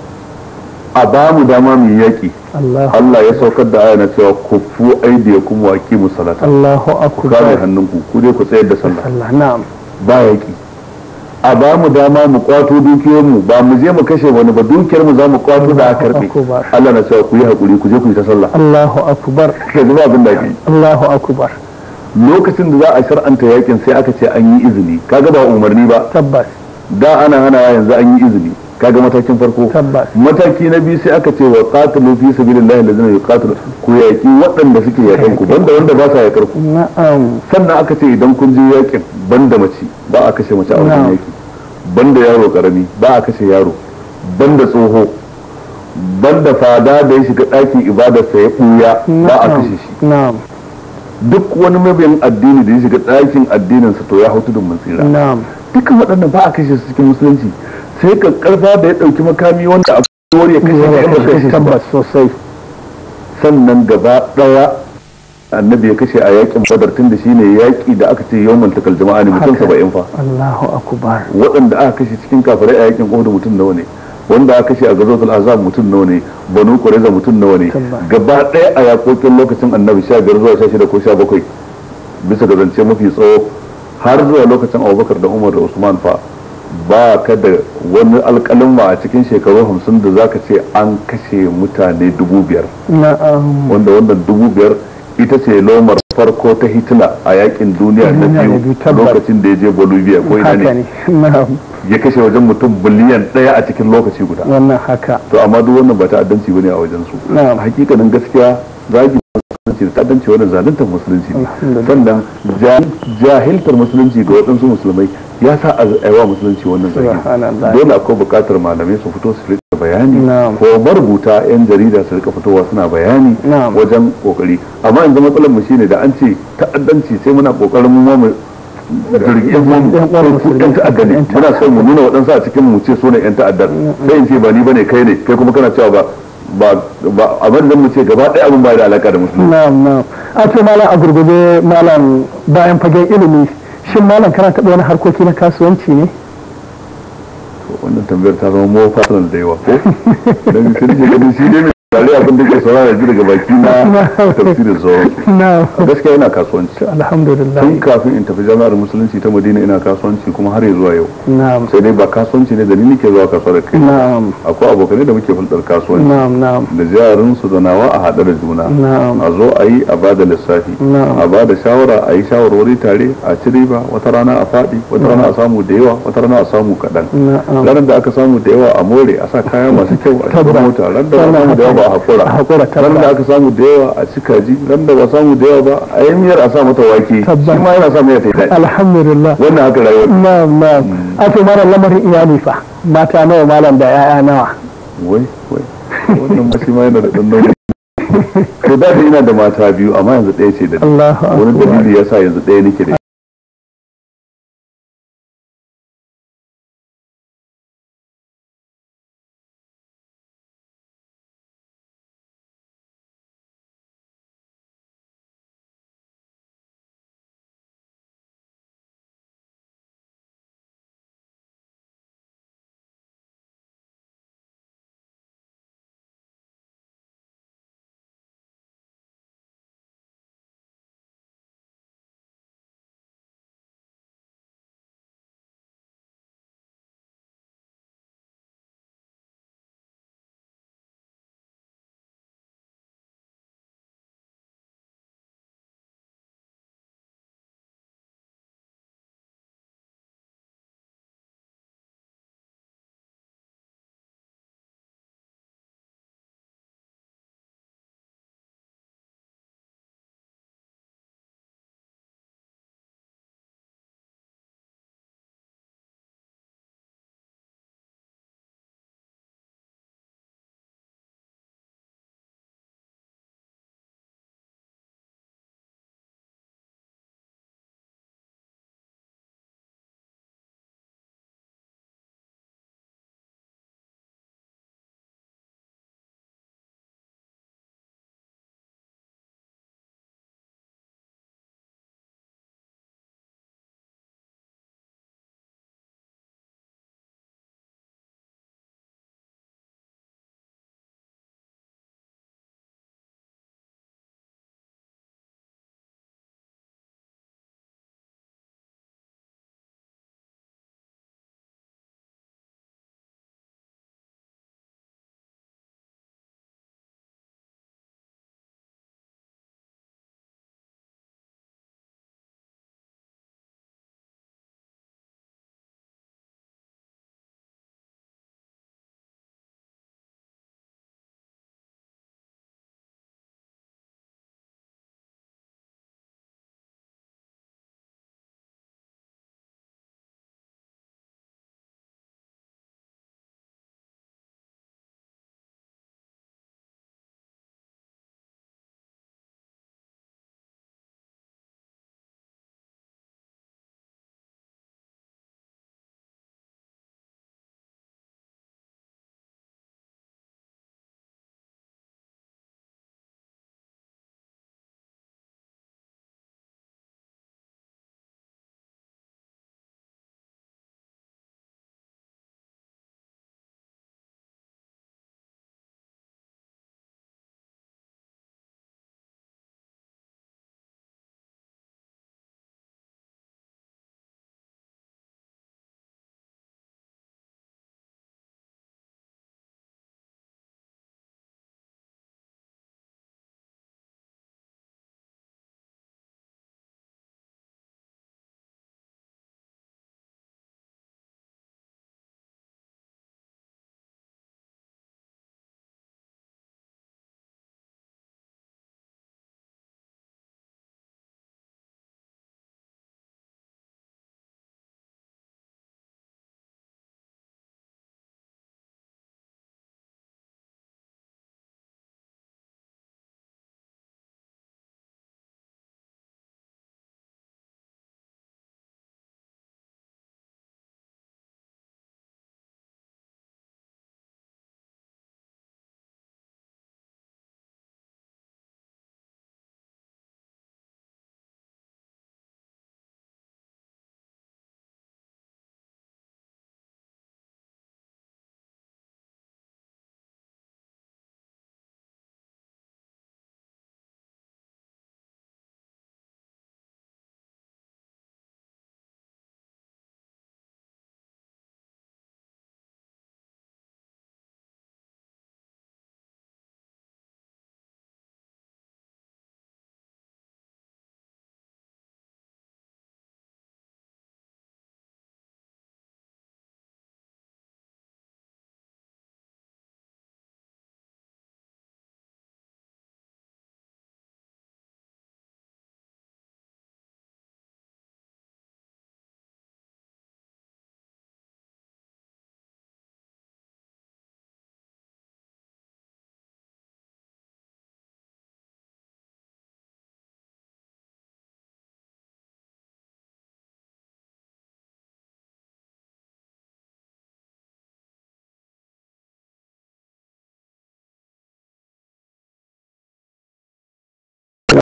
a ba mu dama mu yaki Allah ya saukar da ayana cewa ku fu ya kuma aqimu salata Allahu akbar kare hannunku ku dai ku tsayar da sallah Allah na'am ba yaki a ba mu dama mu kwato dukiyar mu ba mu je mu kashe wani ba dukiyar mu za mu kwato da karfe. Allah na cewa ku yi hakuri ku je ku yi ta sallah Allahu akbar ka zuba abin da ke Allahu akbar lokacin da za a shar'anta yakin sai aka ce an yi izini kaga ba umarni ba tabbas da ana hana yanzu an yi izini kaga matakin farko mataki na biyu sai aka ce wa qatilu fi sabilillahi allazina yuqatilu ku yaki waɗanda suke yakan ku banda wanda ba sa yakar ku na'am sannan aka ce idan kun je yakin banda mace ba a kashe mace a wajen yaki banda yaro karami ba a kashe yaro banda tsoho banda fada da ya shiga ɗakin ibada sa ya ɓuya ba a kashe shi na'am duk wani mabiyan addini da ya shiga ɗakin addinin sa to ya hau tudun mun tsira na'am dukkan waɗanda ba a kashe su cikin musulunci sai ka karfa da ya dauki makami wanda a kowar ya kashe ya tabbas sosai sannan gaba daya annabi ya kashe a yakin badar tun da shine yaki da aka ce yawmal takal jama'a ne mutum 70 fa Allahu akbar waɗanda aka kashe cikin kafirai a yakin Uhud mutum nawa ne wanda aka kashe a gazotul azab mutum nawa ne banu qurayza mutum nawa ne gaba daya a yakokin lokacin annabi 15 zuwa 16 ko 17 bisa ga zance mafi tsawo har zuwa lokacin Abubakar da Umar da Usman fa ba ka da wani alƙalinma a cikin shekaru hamsin da za ka ce an kashe mutane dubu biyar wanda wannan dubu biyar ita ce lomar farko ta hitila a yakin duniya na biyu lokacin da ya je bolivia ko ina ne ya kashe wajen mutum biliyan ɗaya a cikin lokaci guda wannan haka to amma duk wannan ba ta'addanci bane a wajen su hakikanin gaskiya zagi musulunci da ta'addanci wannan zaluntar musulunci ne sannan jahiltar musulunci ga waɗansu musulmai ya sa a yawa musulunci wannan zargi dole akwai bukatar malamai su fito su rika bayani ko marubuta yan jarida su rika fitowa suna bayani wajen kokari amma yanzu matsalar mu shine da an ce ta'addanci sai muna kokarin mu jirgin mu yan muna son mu nuna waɗansu a cikin mu ce sunan ne yan ta'addar sai in ce ba ni bane kai ne kai kuma kana cewa ba ba abin da mu ce gaba ɗaya abin ba da alaka da musulunci na'am na'am a ce malam a gurgurde malam bayan fagen ilimi shin malam kana taɓa wani harkoki na kasuwanci ne wannan tambayar ta zama mawa fatan da yawa ko don shi ne tare abin da ke saurara ji daga baki na tafsirin sauran gaskiya ina kasuwanci alhamdulillah tun kafin in tafi jami'ar musulunci ta madina ina kasuwanci kuma har zuwa yau sai dai ba kasuwanci ne da ni nake zuwa kasuwar kai akwai abokanai da muke hulɗar kasuwanci da jarin su da nawa a haɗe da juna a zo a yi a bada lissafi a bada shawara a yi shawarwari tare a ci riba wata rana a faɗi wata rana a samu da yawa wata rana a samu kaɗan ranar da aka samu da yawa a more a sa kaya masu kyau a cikin mota ranar da da yawa ba a hakura hakura tabbata da aka samu da yawa a cika ji ran da ba samu da yawa ba a yi miyar a sa mata wake shi ma yana sa miyar ta yi daɗi alhamdulillah wannan haka rayuwa na'am na'am hmm. a to mara lamarin iyali fa mata nawa malam da yaya nawa wai wai wannan ma shi ma yana da ɗan to da ina da mata biyu amma yanzu ɗaya ce da ni wani dalili yasa yanzu ɗaya nake da